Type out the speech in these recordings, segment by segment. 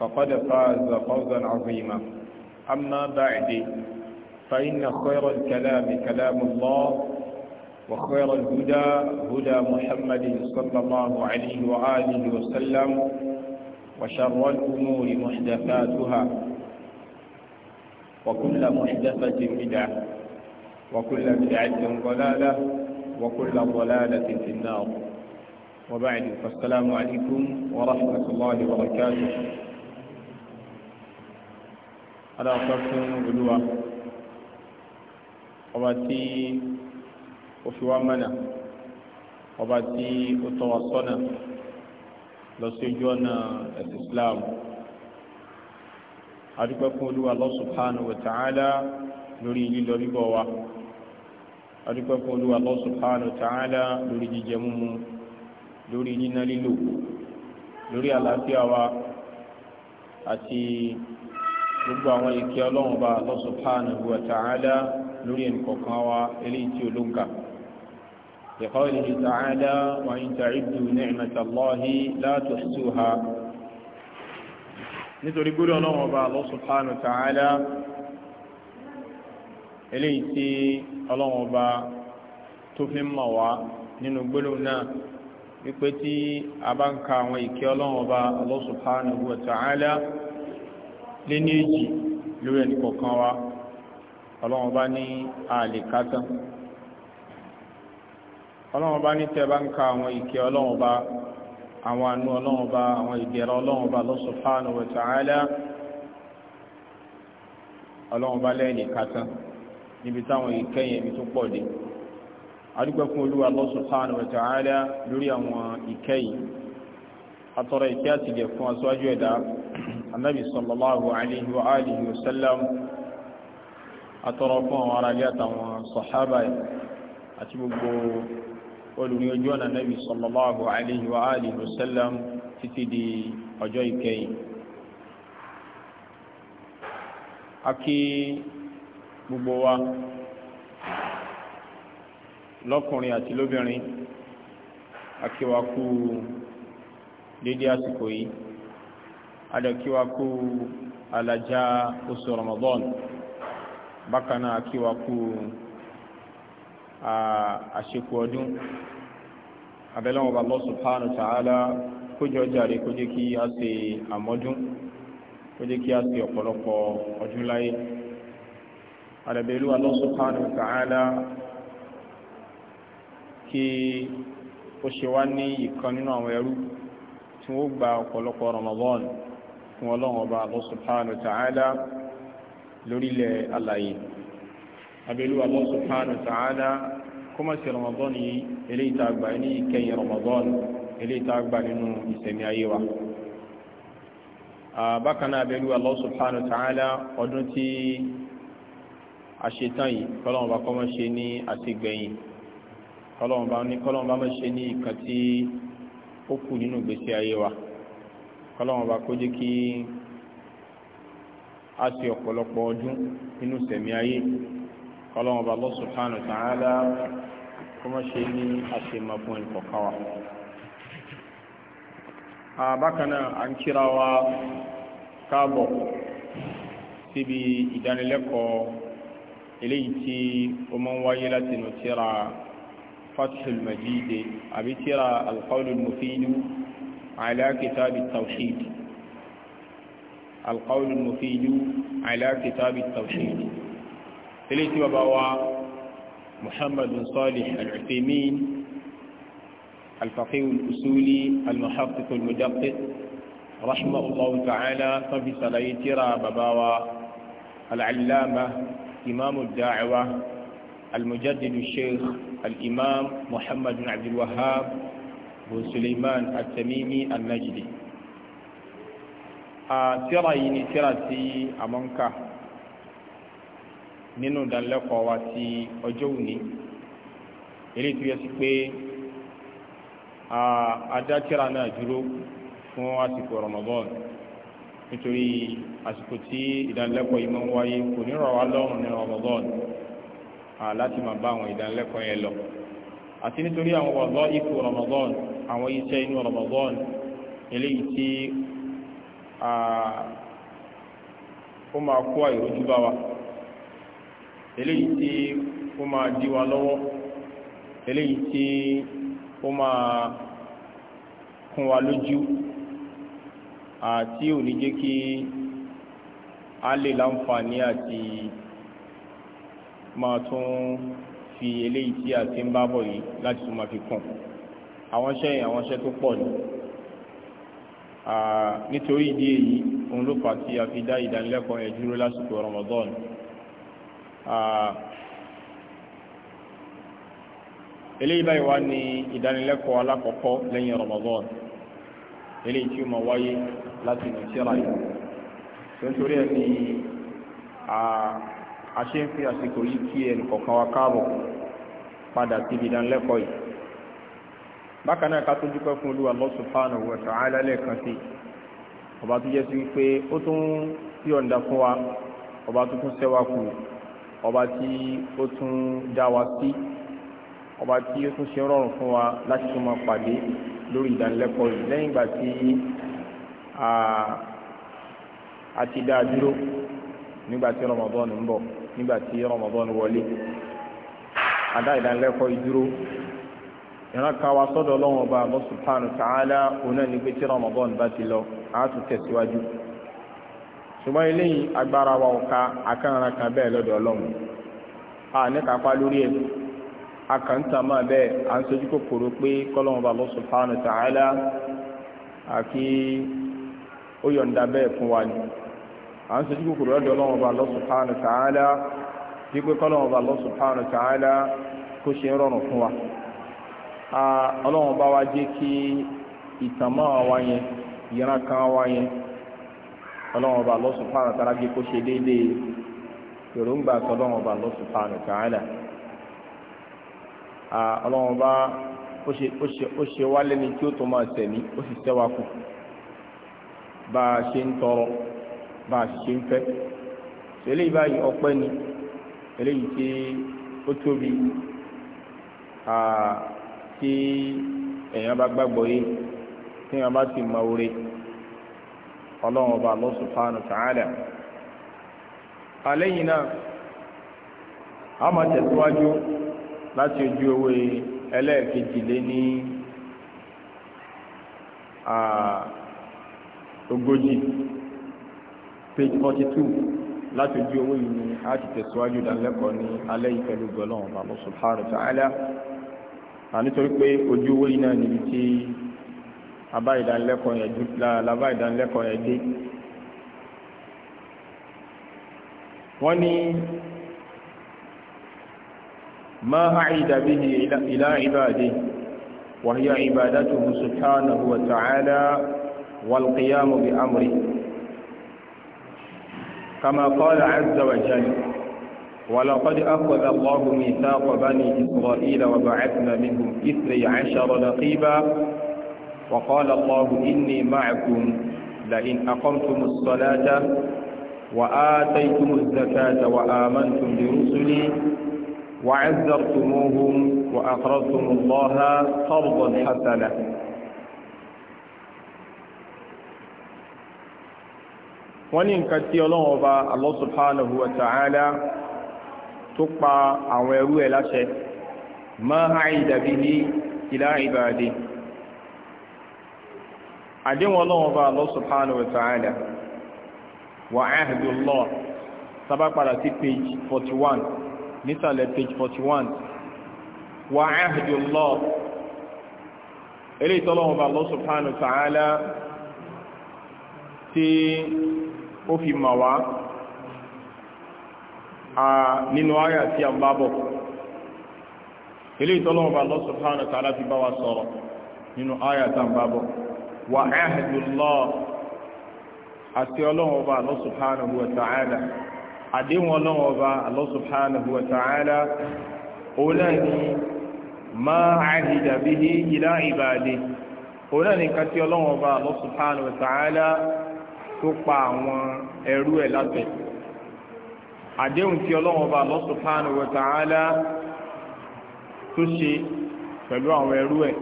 فقد فاز فوزا عظيما أما بعد فإن خير الكلام كلام الله وخير الهدى هدى محمد صلى الله عليه وآله وسلم وشر الأمور محدثاتها وكل محدثة بدعة وكل بدعة ضلالة وكل ضلالة في النار وبعد فالسلام عليكم ورحمة الله وبركاته adáwọ̀pẹ́ fún olúwa ọba tí ó fi wá mọ́nà ọba tí ó tọ́ wa sọ́nà lọ sí ojú ọ̀nà ẹ̀sìn Islam adúpẹ́ fún olúwa Allah subhanahu wa ta'ala lórí lílọ bíbọ̀ wa adúpẹ́ fún olúwa Allah subhanahu wa lórí jíjẹ múmu lórí níná lílò lórí àlàáfíà wa àti gbogbo àwọn ìkẹ́ ọlọ́run bá Allah subhanahu wa ta'ala lórí ẹnìkọ̀ọ̀kan wa eléyìí tí olóńkà لقوله تعالى وإن تعدوا نعمة الله لا تحصوها nítorí gbọ́dọ̀ ọlọ́run ọba Allah subhanahu wa ta'ala eléyìí tí ọlọ́run ọba tó fi mọ̀ wá nínú gbọ́dọ̀ náà wípé tí a bá ń ka àwọn ìkẹ́ ọlọ́run ọba Allah subhanahu wa ta'ala le ní lórí ẹnì kọ̀ọ̀kan wa ọlọ́run bá ní àlè kátán ọlọ́run bá ní tẹ́ bá ń ka àwọn ìkẹ́ ọlọ́run bá àwọn àánú ọlọ́run bá àwọn ìdẹ̀ra ọlọ́run bá ọlọ́run bá lẹ́yìn kátán níbi táwọn anabi sallallahu alayhi wa alihi wa sallam atọrọ fún àwọn aráàlú àtàwọn sọ̀hábà àti gbogbo olùrin ojú ọ̀nà anabi sallallahu alayhi wa alihi wa sallam títí di ọjọ́ ìkẹyìn. a gbogbo wa lọ́kùnrin àti lóbìnrin a wa kú dédé àsìkò yìí adẹ̀kíwa kú alaja oṣù Ramadan bákan náà kíwa kú ah, àṣekù ọdún abẹ́lẹ́wọ̀n bá Allah subhanahu wa ta'ala kójọ jàre kó jẹ́ kí a ṣe àmọ́dún kó jẹ́ kí a ṣe ọ̀pọ̀lọpọ̀ ọdún láyé àdàbẹ̀lú Allah subhanahu wa ta'ala kí ó ṣe wá ní ìkan nínú àwọn ẹrú tí wọ́n gba ọ̀pọ̀lọpọ̀ Ramadan fún ọlọ́run ọba Allah subhanahu wa ta'ala lórílẹ̀ àlàyé abẹ́lú Allah subhanahu wa ta'ala kọ́mọ̀sí Ramadan yìí eléyìí tá a gbà ní ìkẹyìn Ramadan eléyìí tá a gbà nínú ìsẹ̀mí ayé wa bákan náà abẹ́lú Allah subhanahu ọdún tí a ṣe tán yìí kọ́lọ́run ọba kọ́mọ̀ ṣe ní àtìgbẹ̀yìn kọ́lọ́run ọba ní ṣe ní ìkàtí ó kù nínú ìgbésí ayé wa kọ́lọ́wọ́n bá kó jẹ́ kí a ṣe ọ̀pọ̀lọpọ̀ ọdún nínú sẹ̀mí ayé kọ́lọ́wọ́n bá Allah subhanahu wa ta'ala kó má ṣe ní àṣemọ̀ fún ìkọ̀kan wa. bákan náà à ń kíra wa káàbọ̀ síbi ìdánilẹ́kọ̀ọ́ eléyìí tí ó máa ń wáyé láti nù tíra Fathul Majid àbí tíra Al-Qawlul على كتاب التوحيد القول المفيد على كتاب التوحيد إليك وبوا محمد صالح العثيمين الفقيه الأصولي المحقق المدقق رحمه الله تعالى ففي سليترا بباوا العلامة إمام الدعوة المجدد الشيخ الإمام محمد بن عبد الوهاب bin suleiman atamimi alnajdi tírà yìí ni tírà tí a máa ń kà nínú ìdánilẹ́kọ̀ọ́ wa ti ọjọ́ òní eléyìí tó yẹ sí pé a dá tírà náà dúró fún àsìkò Ramadan nítorí àsìkò tí ìdánilẹ́kọ̀ọ́ yìí máa ń wáyé kò ní rọ̀ lọ́rùn ní Ramadan láti máa bá àwọn ìdánilẹ́kọ̀ọ́ yẹn lọ àti nítorí àwọn wàdọ́ ipò Ramadan àwọn iṣẹ́ inú Ramadan eléyìí tí ó máa kó àìrójú bá wa eléyìí tí ó máa dí wa lọ́wọ́ eléyìí tí ó máa kún wa lójú àti ò ní jẹ́ kí a lè láǹfààní àti máa tún fi eléyìí tí a ti ń bá yìí láti tún máa fi kàn àwọn iṣẹ́ yẹn àwọn iṣẹ́ tó pọ̀ ni nítorí ìdí èyí òun ló fà tí a fi dá ìdánilẹ́kọ̀ọ́ yẹn dúró lásìkò Ramadan eléyìí báyìí wá ní ìdánilẹ́kọ̀ọ́ alákọ̀ọ́kọ́ lẹ́yìn Ramadan eléyìí tí ó máa wáyé láti nà síra yìí nítorí ẹ̀ ní a ṣe ń fi àsìkò yìí kí ẹnì kọ̀ọ̀kan wa káàbọ̀ padà síbi ìdánilẹ́kọ̀ọ́ yìí bákan náà ká tó dúpẹ́ fún olúwa Allah subhanahu wa ta'ala lẹ́ẹ̀kan sí ọba tó jẹ́ sí wípé ó tún yọ̀ǹda fún wa ọba tó tún ṣẹ́wà kù ọba tí ó tún dá wa sí ọba tí ó tún ṣe rọrùn fún wa láti tún máa pàdé lórí ìdánilẹ́kọ̀ọ́ yìí lẹ́yìn ìgbà tí a ti dá a dúró nígbà tí Ramadan ń bọ̀ nígbà tí Ramadan wọlé a dá ìdánilẹ́kọ̀ọ́ yìí dúró. ìran kan wa sọ́dọ̀ ọlọ́run ọba ta'ala ọ̀nà ní pé tí Ramadan bá ti lọ á tẹ̀síwájú ṣùgbọ́n eléyìí agbára wa ọ̀ka bẹ́ẹ̀ a ní lórí ẹ̀ akàǹtà máa bẹ́ẹ̀ à ń sojú kòkòrò pé kọ́lọ́run ọba Allah subhanahu wa ta'ala àti ó bẹ́ẹ̀ fún wa ni à ń sojú kòkòrò lọ́dọ̀ ọlọ́run ta'ala dípé kọ́lọ́run ọba kó ṣe ń rọrùn ọlọ́run bá wa jẹ́ kí ìtànmọ́ wa yẹn ìran kan wa yẹn ọlọ́run bá jẹ́ kó ṣe déédéé èròǹgbà tọ́lọ́run bá Allah subhanahu wa ta'ala ọlọ́run bá ó ṣe wá lẹ́ni tí ó tó máa tẹ̀lé ó sì tẹ́wà kù bá a ṣe ń tọrọ bá tí èèyàn bá gbàgbọ́ yìí tí èèyàn bá sì mọ orí ọlọ́run ọba Allah subhanahu wa ta'ala. àlẹ́yìn náà a máa tẹ̀síwájú láti ojú owó ẹlẹ́ẹ̀kejì lé ní ogójì page forty two láti ojú owó yìí ni a ti tẹ̀síwájú ìdánilẹ́kọ̀ọ́ ní alẹ́ yìí pẹ̀lú gbọ́lọ́run ọba Allah subhanahu wa nítorí pé ojú owó yìí náà níbi tí abá ìdánilẹ́kọ̀ọ́ yẹn dé lábá ìdánilẹ́kọ̀ọ́ yẹn dé. wọ́n ní ma àìdà bihi ila ibadihi wa hiya ibadatuhu subhanahu wa ta'ala wal qiyamu bi amri kama qala azza wa jalla ولقد أخذ الله ميثاق بني إسرائيل وبعثنا منهم اثني عشر نقيبا وقال الله إني معكم لئن أقمتم الصلاة وآتيتم الزكاة وآمنتم برسلي وعذرتموهم وأقرضتم الله قرضا حسنا wọ́n ní nǹkan tí ọlọ́run ọba Allah subhanahu wa ta'ala tó pa àwọn ẹrú ẹ̀ láṣẹ máa ha ìdàbí ní ìlà ìbàdí àdéhùn ọlọ́run bá Allah subhanahu wa ta'ala wà áhìdùlọ́ sábà padà sí page 41 nísàlẹ̀ page 41 wà áhìdùlọ́ eléyìí tọ́lọ́run bá Allah subhanahu wa ta'ala tí ó fi mà wá nínú tí a ń bá ilé ìtọ́lọ́wọ́ bá Allah subhanahu wa ta'ala bá wa sọ̀rọ̀ nínú a ń bá bọ̀ àti wa ta'ala àdéhùn òun náà ni ma ahida bihi ila ibadihi òun náà ni kàtí ọlọ́wọ́ bá Allah subhanahu àdéhùn tí ọlọ́run ọba Allah subhanahu wa ta'ala tó ṣe pẹ̀lú àwọn ẹrú ẹ̀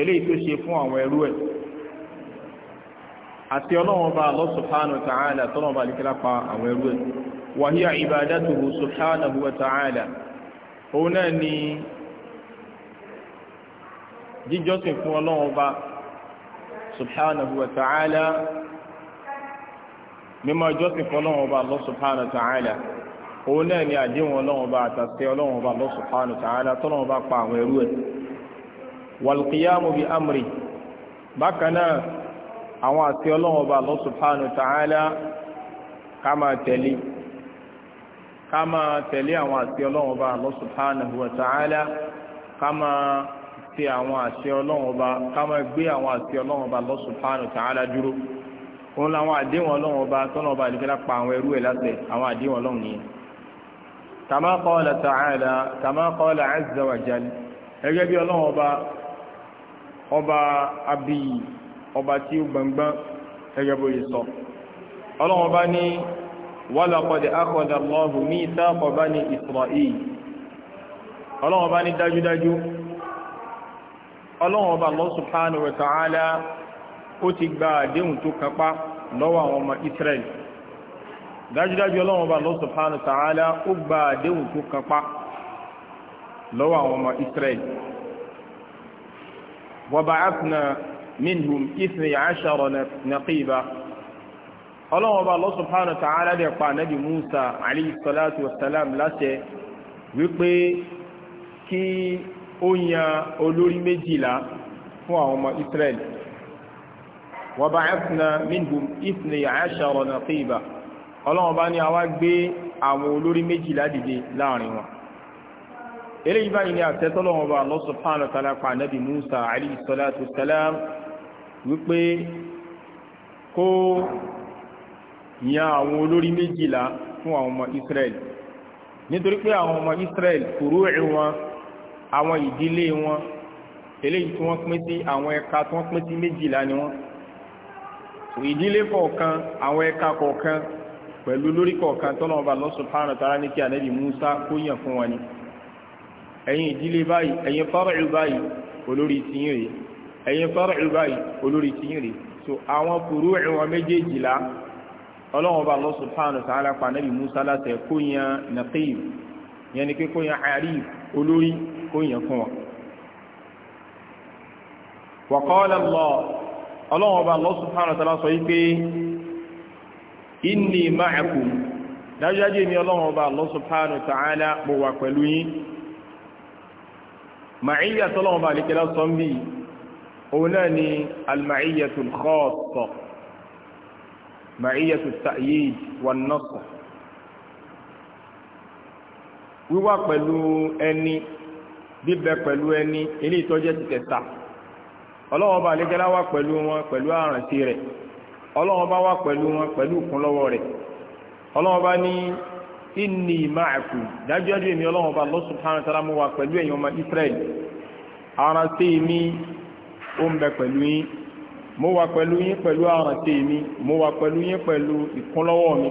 eléyìí tó ṣe fún àwọn ẹrú ẹ̀ àti ọlọ́run ọba Allah subhanahu wa ta'ala tọ́lọ́run ọba àdìkẹ́lá pa àwọn ẹrú ẹ̀ wa hiya ibadatuhu subhanahu wa ta'ala òun náà ni jíjọ́sìn fún ọlọ́run ọba subhanahu wa ta'ala mímọ́ jọ́sìn fún ọlọ́run òun náà ni àdéhùn ọlọ́run bá àtàtẹ ọlọ́run bá Allah subhanahu wa ta'ala tọ́lọ́run bá pa àwọn ẹrú ẹ̀ wàlùkìyàmù bíi bákan náà àwọn àti ọlọ́run bá Allah subhanahu wa ta'ala ká máa tẹ̀lé ká máa tẹ̀lé àwọn àti ọlọ́run bá ta'ala ká máa ti àwọn àṣẹ ọlọ́run ọba ká máa gbé àwọn ọlọ́run dúró òun làwọn àdéhùn ọlọ́run ọba ọba kàmá qala ta'ala kàmá qala azza wa jal ẹgẹ́ bí ọlọ́run ọba ọba abiyi ọba tí ó gbọ̀ngbọ́n ẹgẹ́ bó yẹ sọ ọlọ́run ọba ní wa laqad akhadha Allahu mithaqa bani Isra'il ọlọ́run ọba ní dájúdájú ọlọ́run ọba Allah subhanahu wa ta'ala ó ti gba àdéhùn tó kápá lọ́wọ́ àwọn ọmọ Israẹli dájúdájú ọlọ́run bá Allah subhanahu wa ta'ala ó gba àdéhùn tó kápá lọ́wọ́ àwọn ọmọ Israel wa ba'athna minhum ithnay ashara naqiba ọlọ́run bá Allah subhanahu wa ta'ala dẹ̀ pa ànábì Musa alayhi salatu wa láṣẹ wípé kí ó yan olórí méjìlá fún àwọn ọmọ Israel wa ba'athna minhum ithnay ashara naqiba ọlọ́run bá ní àwa gbé àwọn olórí méjìlá dìde láàrin wọn eléyìí báyìí ni àtẹ́tọ́lọ́wọ́n bá Allah subhanahu wa pa ànábì Musa alayhi salatu salam wípé kó ya àwọn olórí méjìlá fún àwọn ọmọ Israel nítorí pé àwọn ọmọ Israel kúrú wọn àwọn ìdílé wọn eléyìí tí wọ́n pín sí àwọn ẹ̀ka tí wọ́n pín sí méjìlá ni wọ́n ìdílé kọ̀ọ̀kan àwọn ẹ̀ka kọ̀ọ̀kan pẹ̀lú lórí kọ̀ọ̀kan tọ́nà ọba Allah subhanahu ní Musa kó yàn fún wa ni bai ìdílé báyìí ẹ̀yin fárẹ̀lú báyìí olórí báyìí olórí so àwọn kùrú ẹ̀wọ̀n méjèèjìlá ọlọ́run ọba Allah subhanahu pa Musa láti kó yàn Naqib yẹn ni pé kó yàn Arif olórí kó yàn fún wa. ọlọ́run ọba inni ma'akum dájúdájú èmi ọlọ́run ọba Allah subhanahu wa ta'ala mo wà pẹ̀lú yín màáyà tọ́lọ́run ọba àlekèlá sọ́ńbì òun náà ni al-ma'iyyatul khassa ma'iyyatul ta'yid wan-nasr wíwá pẹ̀lú ẹni bíbẹ pẹ̀lú ẹni ilé ìtọ́jẹ́ ti tẹ̀ta ọlọ́run ọba àlekèlá wà pẹ̀lú wọn pẹ̀lú àrántí rẹ̀. ọlọ́run bá wà pẹ̀lú wọn pẹ̀lú ìkúnlọ́wọ́ rẹ̀ ọlọ́run bá ní inni ma'akum dájúdájú èmi ọlọ́run bá Allah subhanahu wa mú wa pẹ̀lú ẹ̀yin ọmọ Israel aránsẹ́ mi ó ń bẹ pẹ̀lú yín mo wà pẹ̀lú yín pẹ̀lú aránsẹ́ mi mo wà pẹ̀lú yín pẹ̀lú ìkúnlọ́wọ́ mi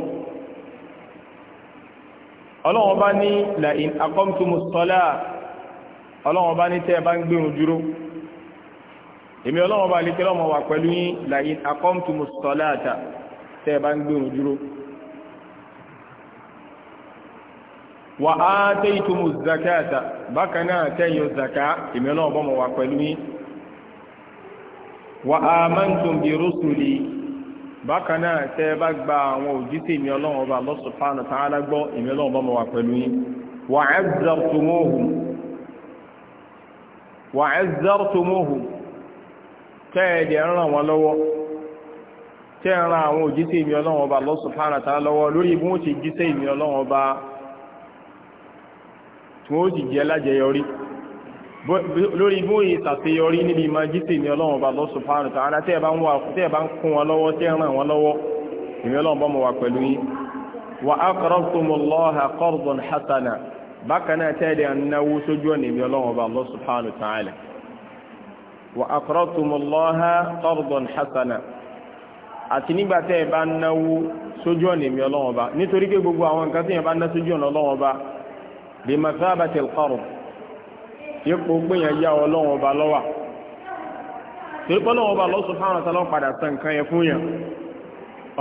ọlọ́run bá ní la in ọlọ́run bá ní tẹ́ ẹ bá ń dúró èmi ọlọ́wọ́ bá lékè lọ́mọ wà pẹ̀lú yín làyín akọ́mtumù sọ́láàtà tẹ́ ẹ bá ń gbèrò dúró. wà á tẹ́ ìtumù zakata bákan náà tẹ́ yọ zaka èmi ọlọ́wọ́ bọ́mọ wà pẹ̀lú yín. wà á mẹ́ntum bí rúṣùlì bákan náà tẹ́ gba àwọn òjíṣẹ́ èmi ọlọ́wọ́ bá Allah subhanahu wa ta'ala èmi ọlọ́wọ́ bọ́mọ wà pẹ̀lú yín. wà á zàrtumuhum wà á tẹ́ẹ̀dẹ̀ ń ràn wọ́n lọ́wọ́ tẹ́ ń ran àwọn ìmì Allah subhanahu ta'ala lọ́wọ́ lórí bí wọ́n ti jíṣẹ́ ìmì ọlọ́wọ́n ọba tí wọ́n ti jẹ́ lájẹyọrí lórí bí wọ́n ṣàṣeyọrí níbi ìmọ̀ Allah ta'ala bá ń wà tẹ́ bá ń kún wọn lọ́wọ́ ràn wa wa aqradtumullaha qardan hasana àti nígbà tẹ́ ẹ bá náwó sójú ọ̀nà èmi ọlọ́run ọba nítorí pé gbogbo àwọn nǹkan tí ẹ bá ná sójú ọ̀nà ọlọ́run ọba bi mathabatil qard yípo gbìyàn yá ọlọ́run ọba lọ́wà torí pé ọlọ́run ọba lọ́sùn fáwọn ọ̀tá lọ́ọ́ padà san nǹkan yẹn fún yàn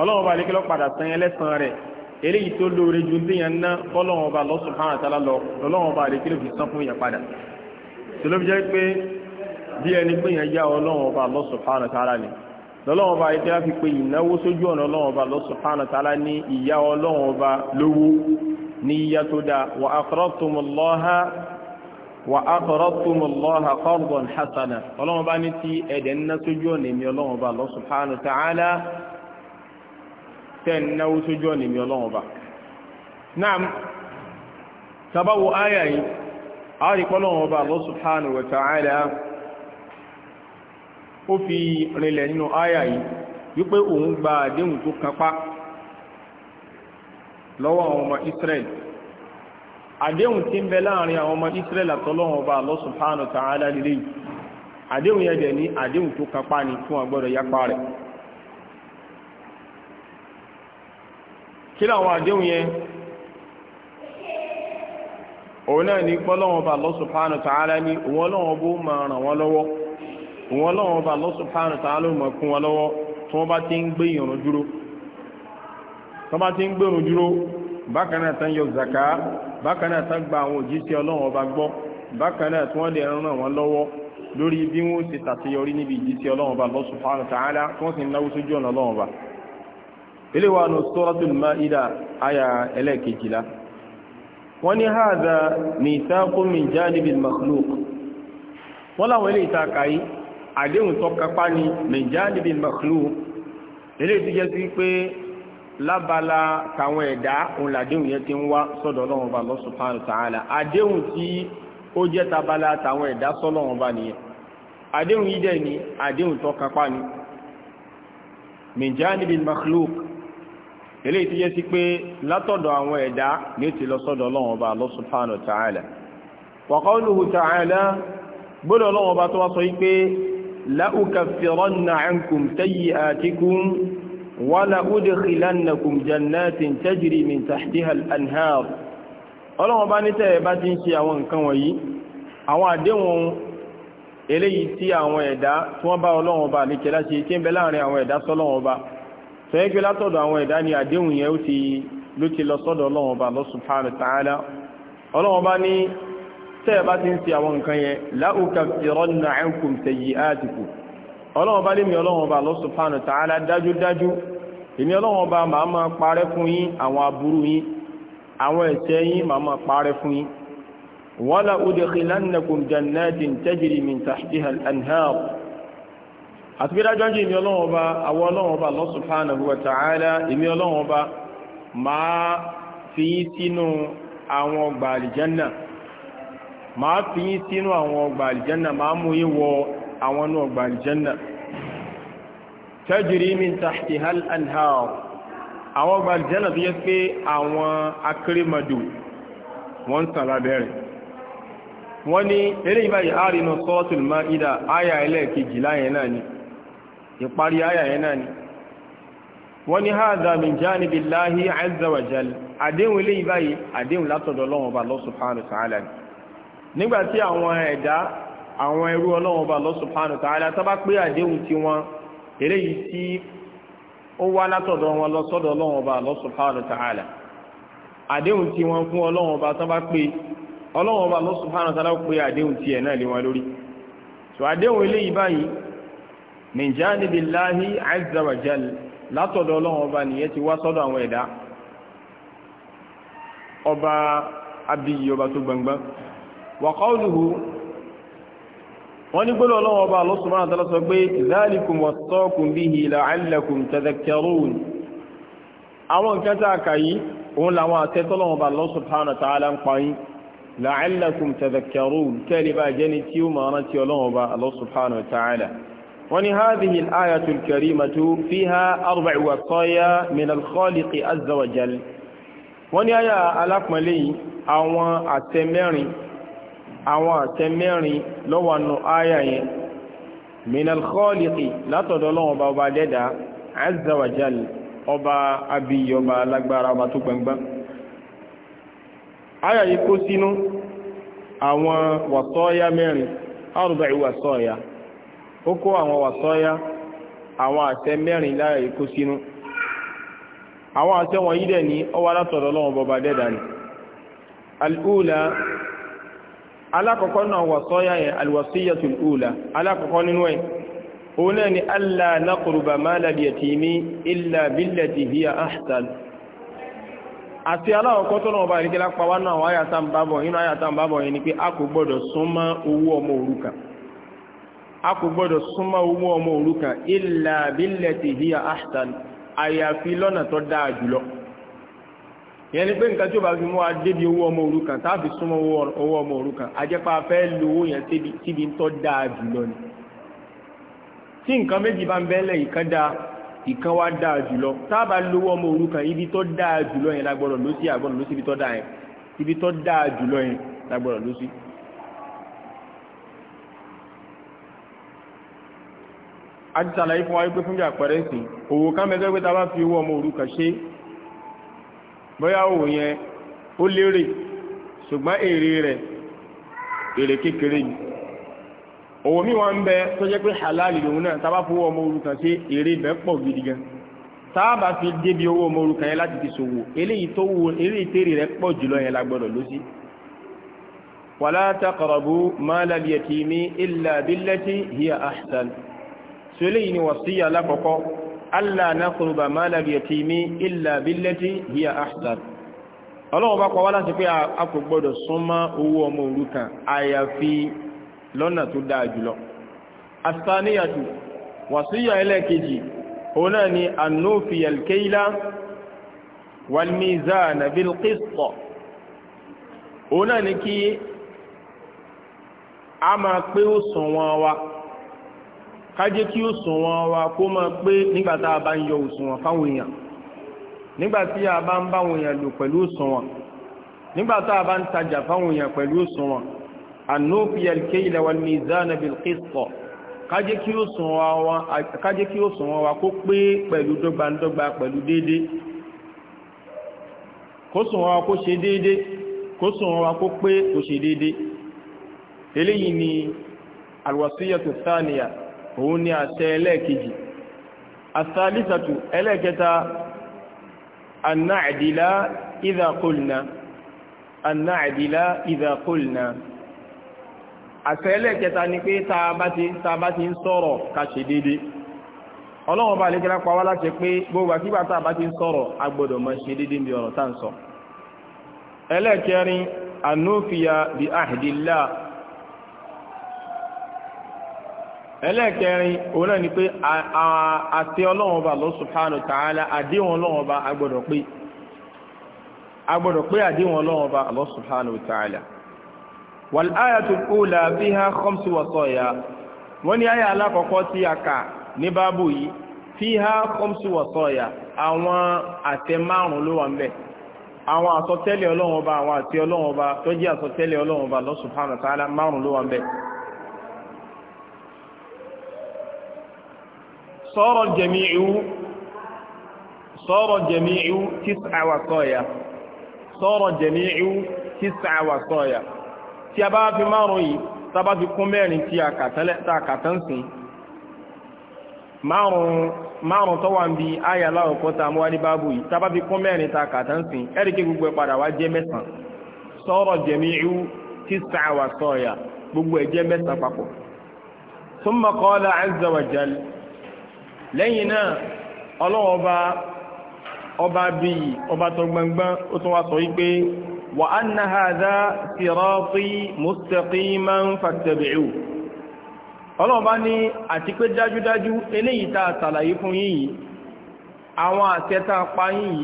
ọlọ́run ọba lékè lọ́ọ́ padà san yẹn rẹ̀ eléyìí tó lóore ju déyàn ná kọ́lọ́run lọ́sùn fáwọn ọ̀tá bí ẹni pé yẹn yá ọlọ́run ọba Allah subhanahu wa ta'ala ni lọ́lọ́run ọba ìdí láti pé ìnáwó sójú ọ̀nà ọlọ́run ọba Allah subhanahu wa ta'ala ní ìyá ọlọ́run ọba lówó ní iyá tó dáa wa aqradtumullaha wa aqradtumullaha qardan hasana ọlọ́run ọba ní ti ẹ̀dẹ̀ ńná sójú ọ̀nà èmi ọlọ́run ọba Allah subhanahu wa tẹ́ ńnáwó sójú ọ̀nà èmi ọlọ́run ọba náà ó fi rinlẹ̀ nínú àyà yìí wípé òun gba àdéhùn tó kapa lọ́wọ́ àwọn ọmọ Israel àdéhùn tí ń bẹ láàrin àwọn Israel àtọ́lọ́wọ́ ọba Allah subhanahu lílé àdéhùn yẹn ní àdéhùn tó ni fún agbọ́dọ̀ yápa rẹ̀ òun náà ní pọ́lọ́wọ́ ọba Allah subhanahu ní òun ọlọ́wọ́ bó máa ràn òun ọlọ́run ọba Allah subhanahu wa ta'ala mọ̀ fún wọn lọ́wọ́ tí wọ́n bá ti ń gbé ìrun dúró tí wọ́n bá ti ń gbé ìrun dúró bákan náà tán yọ zaka bákan náà tán gba àwọn òjíṣẹ́ ọlọ́run ọba gbọ́ bákan náà tí wọ́n lè ràn wọ́n lọ́wọ́ lórí bí wọ́n ti tàṣeyọrí níbi ìjíṣẹ́ ọlọ́run ọba Allah subhanahu wa ta'ala tí wọ́n sì náwó sójú ọ̀nà ọlọ́run wọ́n ní hadha mithaqun min janibil makhluq àdéhùn tó kápá ni mẹjáàlìbí mọ̀kúlù eléyìí tó jẹ́ sí pé lábala tàwọn ẹ̀dá òun làdéhùn yẹn ti ń wá sọ́dọ̀ ọlọ́run ọba Allah subhanahu wa ta'ala àdéhùn tí ó jẹ́ tabala tàwọn ẹ̀dá sọ́lọ́run ọba nìyẹn àdéhùn yìí dẹ̀ ni àdéhùn tó kápá ni mẹjáàlìbí mọ̀kúlù eléyìí tó jẹ́ sí pé látọ̀dọ̀ àwọn ẹ̀dá ni ti lọ sọ́dọ̀ ọlọ́run ọba Allah subhanahu wa ta'ala wa gbọ́dọ̀ ọlọ́run ọba tó wá sọ yìí pé لأكفرن عنكم سيئاتكم ولأدخلنكم جنات تجري من تحتها الأنهار ọlọ́wọ́n bá ní tẹ́ẹ̀ bá ti ń ṣe àwọn nǹkan wọ̀nyí àwọn àdéhùn eléyìí tí àwọn ẹ̀dá tí wọ́n bá ọlọ́wọ́n bá ní kẹlá ṣe tí ń bẹ láàrin àwọn ẹ̀dá sọ́lọ́wọ́n bá tó látọ̀dọ̀ àwọn ẹ̀dá ni àdéhùn yẹn ló ti lọ sọ́dọ̀ ọlọ́wọ́n bá lọ tẹ́ ẹ bá ti ń ṣe àwọn nǹkan yẹn láwùká ìrọ́nà ẹ̀kùn tẹ̀yí àtìkù ọlọ́run bá lé mi ọlọ́run bá lọ subhanahu wa ta'ala dájúdájú èmi ọlọ́run bá màá máa parẹ́ fún yín àwọn aburú yín àwọn ẹ̀ṣẹ̀ yín màá máa parẹ́ fún yín. wala udkhilannakum jannatin tajri min tahtiha al-anhar àti bí dájọ́ jẹ́ èmi ọlọ́run bá àwọn ọlọ́run bá lọ subhanahu wa ta'ala ọlọ́run bá màá fi sínú àwọn ọgbà àlìjánná màá fi yín sínú àwọn ọgbà àlìjẹ́nà màá mú yín wọ àwọn inú ọgbà àlìjẹ́nà tajri min tahtiha al-anhar àwọn ọgbà àlìjẹ́nà tó yẹ pé àwọn akérèmọdò wọ́n ń tàn lábẹ́rẹ̀ wọ́n ní eré ìbáyìí àrínà suratul Maida àyà ẹlẹ́ẹ̀kejì láyẹn náà ni ìparí àyà yẹn náà ni wọ́n ní hadha min ni nígbàtí àwọn ẹ̀dá àwọn ẹrú ọlọ́run bá Allah subhanahu wa ta'ala tó bá pé àdéhùn tí wọn eléyìí tí ó wá látọ̀dọ̀ wọn lọ sọ́dọ̀ ọlọ́run bá Allah subhanahu wa ta'ala àdéhùn tí wọn fún ọlọ́run bá tó bá pé ọlọ́run bá Allah subhanahu wa ta'ala pé àdéhùn tí ẹ̀ náà lé wọn lórí tó àdéhùn eléyìí báyìí min janibillahi azza wa látọ̀dọ̀ ọlọ́run ọba nìyẹn ti wá sọ́dọ̀ àwọn ẹ̀dá ọba abiyi ọba tó gbangban wàkọ́ọ̀lùhù wọ́n ní gbọ́dọ̀ ọlọ́wọ́ ọba Allah subhanahu wa ta'ala sọ pé zalikum wassakum bihi la'allakum tadhakkarun àwọn nǹkan tá a kà yìí òun làwọn àtẹ́tọ́lọ́wọ́ ọba Allah subhanahu wa ta'ala ń pa yín la'allakum tadhakkarun kẹ́lẹ́ bá jẹ́ni tí ó máa rántí ọlọ́wọ́ ọba Allah subhanahu wa ta'ala wọ́n ní hadhihi al-ayatu al-karimatu fiha arba'u wasaya min al wọ́n ní àyà alápọ̀nlé àwọn àtẹ àwọn àtẹ mẹ́rin lọ́wọ́ nù áyà yẹn minal khaliqi látọ̀dọ̀ lọ́wọ́ ọba ọba dẹ́dà azza wa jal ọba abiy ọba alágbára ọba tó gbangba áyà yìí kó sínú àwọn wàsọ́ọ́yá mẹ́rin arba'i wàsọ́ọ́yá ó kó àwọn wàsọ́ọ́yá àwọn àṣẹ mẹ́rin láyà yìí kó sínú àwọn àṣẹ wọ̀nyí dẹ̀ ní ọwọ́ látọ̀dọ̀ lọ́wọ́ ọba dẹ́dà ni al alákọ̀ọ́kọ́ náà wàsọ́yà yẹn alwasiyatul ula alákọ̀ọ́kọ́ nínú ẹ̀ òun náà ni alla naqruba malal yatimi illa billati hiya ahsan àti aláwọ̀kọ́ tó náà bá rí kílá pa wá náà wọ́n ayàtà ń bábọ̀ inú ayàtà ń bábọ̀ yẹn ni pé a àyàfi lọ́nà tó dáa jùlọ ìyẹn ni pé nǹkan tí ó bá fi mú wa débi owó ọmọ òrukàn tá a fi súnmọ́ owó ọmọ òrukàn ajẹ́pá fẹ́ lo owó yẹn síbi tó dáa jùlọ ni tí nǹkan méjì bá ń bẹ́lẹ̀ ìkan dáa ìkan wá dáa jùlọ tá a bá lo owó ọmọ òrukàn ibi tó dáa jùlọ yẹn la gbọ́dọ̀ sí àgbọ́dọ̀ lọ sí ibi dáa yẹn ibi tó dáa jùlọ yẹn la gbọ́dọ̀ sí. a ti sàlàyé fún wa wípé fún bí òwò kan mẹ́tọ́ pé tá a bá fi owó ọmọ òrukàn ṣe bóyá òwò yẹn ó lérè ṣùgbọ́n èrè rẹ̀ èrè kékeré ni òwò mi wọ́n bẹ tó jẹ́ pé halal lòun náà tá fowó ọmọ òrukàn sí èrè bẹ́ẹ̀ pọ̀ gidi gan tá fi débi owó ọmọ òrukàn yẹn láti fi ṣòwò eléyìí tó wo eré ìtẹ́rì rẹ̀ pọ̀ jùlọ yẹn la gbọ́dọ̀ lọ sí. wàlá taqrabu mala al-yatimi illa billati hiya ahsan. sọ eléyìí ni wàsíyà lákọ̀ọ́kọ́ allah na kuruba malar yatimi illa billati hiya ahsan ọlọ́wọ́ bá kọ́ wá láti pé a kò gbọ́dọ̀ súnmọ́ owó ọmọ òrukàn àyàfi lọ́nà tó dáa jùlọ asaniyatu wàsíyà ẹlẹ́ẹ̀kejì òun náà ni anúfiyal kéílá walmizana bilqista òun náà ni kí a máa pé ó sùn wọn wa ká jẹ́ wa kó máa pé nígbà tá a bá ń yọ òṣùwọ̀n fáwọn èèyàn nígbà tí a bá ń báwọn èèyàn lò pẹ̀lú òṣùwọ̀n nígbà tá a bá ń wa kó pé pẹ̀lú dọ́gbandọ́gba pẹ̀lú déédé kó sùn wa kó ṣe déédé kó sùn wa kó pé kó ṣe déédé eléyìí òun ni àṣẹ ẹlẹ́ẹ̀kejì asalisatu ẹlẹ́ẹ̀kẹta anáàdìlá ìdàkólìnà anáàdìlá ìdàkólìnà àṣẹ ẹlẹ́ẹ̀kẹta ni pé tá ti ń sọ̀rọ̀ ká ṣe ọlọ́wọ́n bá lékẹ́lá láti pé gbogbo a ti ń sọ̀rọ̀ ẹlẹ́ẹ̀kẹrin òun náà ni pé àti ọlọ́run ọba lọ subhanahu wa ta'ala àdéhùn ọlọ́run ọba agbọ́dọ̀ pé agbọ́dọ̀ pé àdéhùn ọlọ́run ọba lọ subhanahu wa ta'ala. wal ayatul ula fiha khamsu wasaya wọ́n ní àyà alákọ̀ọ́kọ́ tí a kà ní báàbù yìí fiha khamsu wasaya àwọn àtẹ márùn-ún ló wà ń àwọn àsọtẹ́lẹ̀ ọlọ́run ọba àwọn àti ọlọ́run ọba tó jẹ́ àsọtẹ́lẹ̀ ọlọ́run ọba lọ subhanahu wa márùn ló wà ń صار الجميع صار الجميع تسع وصايا صار الجميع تسع وصايا a bá fi márùn yìí tábá fi kún mẹ́rin tí a kàtán sí bi ayà láwọ̀kọ́ ta mú wá ní báàbù yìí tábá fi kún mẹ́rin ta kàtán sí ẹ́rìkì gbogbo ẹ̀ padà lẹ́yìn náà ọlọ́wọ́ ọba ọba bíi ọba tó gbangban ó tún wá sọ wípé wa anna hadha sirati mustaqiman fattabi'u ọlọ́ọ̀bá ní àti pé dájúdájú eléyìí tá àtàlàyé fún yín àwọn àtẹ́ta pa yín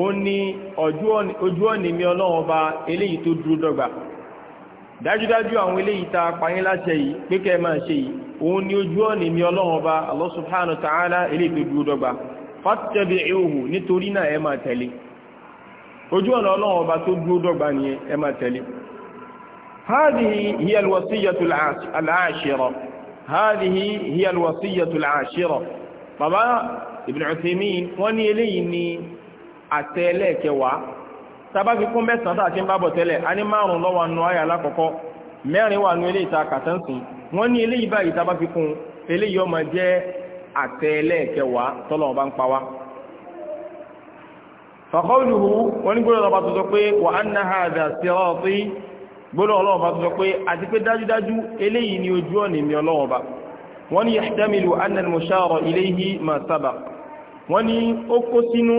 ó ní ojú ọ̀nì mi ọlọ́ọ̀bá eléyìí tó dúró dọ́gba dájúdájú àwọn eléyìí tá pa yín láṣẹ yìí pé kẹ́ máa ṣe yìí òun ni ojú ọ̀nà mi ọlọ́run ọba Allah subhanahu wa ta'ala eléyìí tó dúró dọ́gba fattabi'uhu nítorí náà ẹ máa tẹ̀lé ojú ọ̀nà ọlọ́run ọba tó dúró dọ́gba nìyẹn ẹ máa tẹ̀lé. hadhihi hiya alwasiyyatu al'ashira hadhihi hiya alwasiyyatu al'ashira baba Ibn Uthaymin wọ́n ní eléyìí ní àtẹ̀lẹ́kẹwàá mẹ́rin wà nú eléyìí tá a kà tán sìn wọ́n ní eléyìí báyìí tá a bá fi kún eléyìí ó jẹ́ tọ́lọ̀ ọba ń pa wá. wọn ní gbọ́dọ̀ ọba tuntun pé wà á ná ha àdà sí ọ̀ọ́tí gbọ́dọ̀ ọlọ́run tuntun pé àti pé dájúdájú eléyìí ni ojú ọ̀nà ìmì ọlọ́run wọ́n ní yahtamilu anna al-mushara ma wọ́n ní ó kó sínú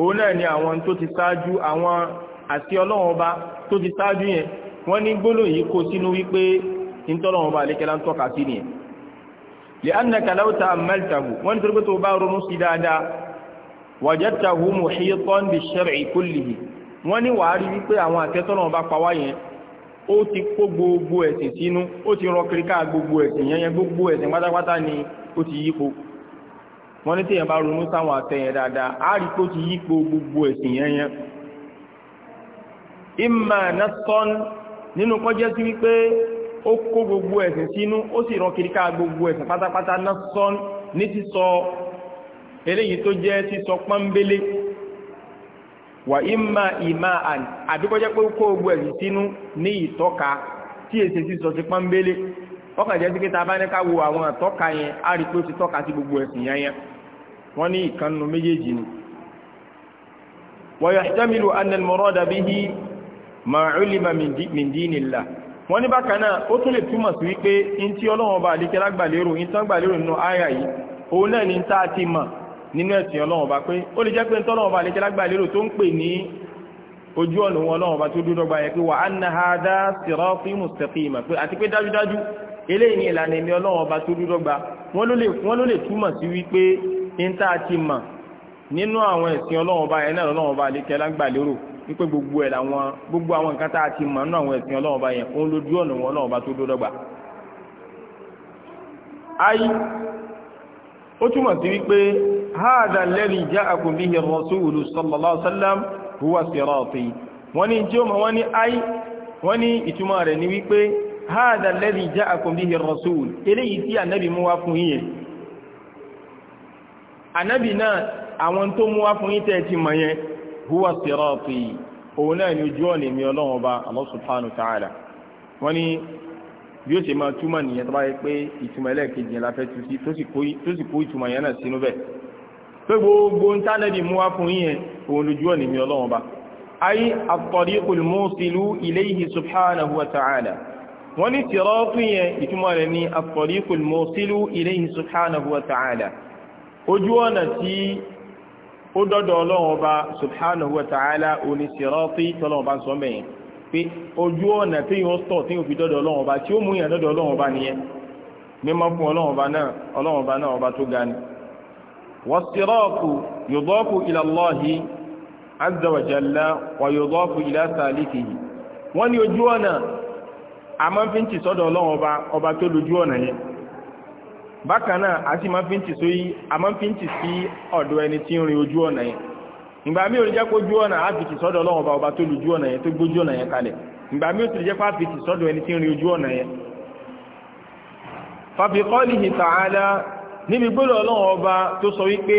òun náà ni àwọn tó ti ṣáájú àwọn àti ọlọ́run ọba tó ti ṣáájú yẹn wọ́n ní gbólóhùn yìí kó sínú wípé ìtọ́lọ́run ọba àlékẹ́lá ń tọ́ka sí nìyẹn lè annaka láwùta àmàlìtàwù wọ́n ní torípé tó bá ronú sí dáadáa wajadtahu muhitan bi shar'i kullihi wọ́n ní wàá rí wípé àwọn àtẹ́tọ́lọ́run ọba pa wá yẹn ó ti kó gbogbo ẹ̀sìn sínú ó ti rọ kiri ká gbogbo ẹ̀sìn yẹn yẹn gbogbo ẹ̀sìn pátápátá ni ó ti yípo wọ́n ní téèyàn bá ronú sáwọn àtẹ̀yẹn dáadáa gbogbo ẹ̀sìn yẹn yẹn. ìmọ̀ nẹ́sọ́n nínú kọjá sí wípé ó gbogbo ẹ̀sìn sínú ó sì ràn kiri ká gbogbo ẹ̀sìn pátápátá nẹ́sọ́n ní sísọ eléyìí tó jẹ́ sísọ pọ́nbélé wà ìmà ìmà pé ó gbogbo ẹ̀sìn sínú ní ìtọ́ka tí èsì sísọ ti pọ́nbélé. ọkàn jẹ́ sí pé tá a bá ní ká wo àwọn àtọ́ka yẹn á rí i pé ó ti tọ́ka sí gbogbo ẹ̀sìn yẹn yẹn wọ́n ní ìkànnù méjèèjì ni. wa yahtamilu anna al-murada bihi ma ulima wọ́n ní bákan náà ó tún lè túmọ̀ sí wípé in tí ọlọ́run bá àdíkẹ́ lágbàlérò in tán gbàlérò nínú àyà yìí òun náà ni tá a ti mọ̀ nínú ẹ̀sìn ọlọ́run bá pé ó lè jẹ́ pé tọ́lọ́run bá àdíkẹ́ lágbàlérò tó ń pè ní ojú ọ̀nà wọn ọlọ́run bá tó dúdọ́gba yẹn pé wa anna hadha sirati mustaqima pé àti pé dájúdájú eléyìí ni ìlànà èmi ọlọ́run ọba tó dúdọ́gba wọ́n ló lè túmọ̀ sí wípé ní ti mọ̀ nínú àwọn ẹ̀sìn ọba yẹn náà ọba àlékẹ́ lágbà wípé gbogbo ẹ̀ làwọn gbogbo àwọn nǹkan tá a ti mọ̀ nínú àwọn ẹ̀sìn ọlọ́run ọba yẹn òun lójú ọ̀nà wọn ọlọ́run ọba tó dúdọ́gba. ayi ó túmọ̀ sí wípé haada wọ́n ní ìtumọ̀ rẹ̀ ni wípé hadha alladhi ja'akum bihi ar-rasul eléyìí tí ànábì mú wá fún yín yẹn ànábì náà àwọn tó mú wá fún yín tẹ́ ẹ ti mọ̀ yẹn huwa sirati òun náà ni ojú ọ̀nà èmi ọlọ́run ọba Allah subhanahu wa ta'ala wọ́n ní bí ó ṣe máa túmọ̀ nìyẹn tó bá yẹ pé ìtumọ̀ ẹlẹ́ẹ̀kejì yẹn la fẹ́ tu sí tó sì kó ìtumọ̀ yẹn náà sínú bẹ́ẹ̀ pé gbogbo ń tánẹ́bì mú wá fún yín yẹn òun lójú ọ̀nà èmi ọlọ́run ọba ayé at-tariqul musilu ilayhi subhanahu wa ta'ala wọ́n ní tìrọ́ọ̀fù yẹn ìtumọ̀ rẹ̀ ní at-tariqul musilu ilayhi subhanahu wa ta'ala ojú ọ̀nà tí ó dọ́dọ̀ ọlọ́run ọba subhanahu wa ta'ala òní tìrọ́ọ̀fù tọ́lọ́run ọba sọ mẹ́yìn pé ojú ọ̀nà tí yóò tọ̀ tí yóò fi dọ́dọ̀ ọlọ́run ọba tí ó mú yàn dọ́dọ̀ ọlọ́run ọba nìyẹn mímọ́ fún ọlọ́run ọba náà ọlọ́run ọba náà ọba tó ga ni a ma fi ń tì sọ́dọ̀ ọlọ́run ọba ọba tó lójú ọ̀nà yẹn bákan náà a sì ma fi ń tì a ma fi ń ẹni tí ń rin ojú ọ̀nà mi ò jẹ́ ojú ọ̀nà ọlọ́run ọba ọba tó lójú ọ̀nà yẹn tó gbójú ọ̀nà yẹn kalẹ̀ ìgbà mi ò jẹ́ a fi sọ́dọ̀ ẹni tí ń rin ojú ọ̀nà yẹn. níbi gbọ́dọ̀ ọlọ́run ọba tó sọ wípé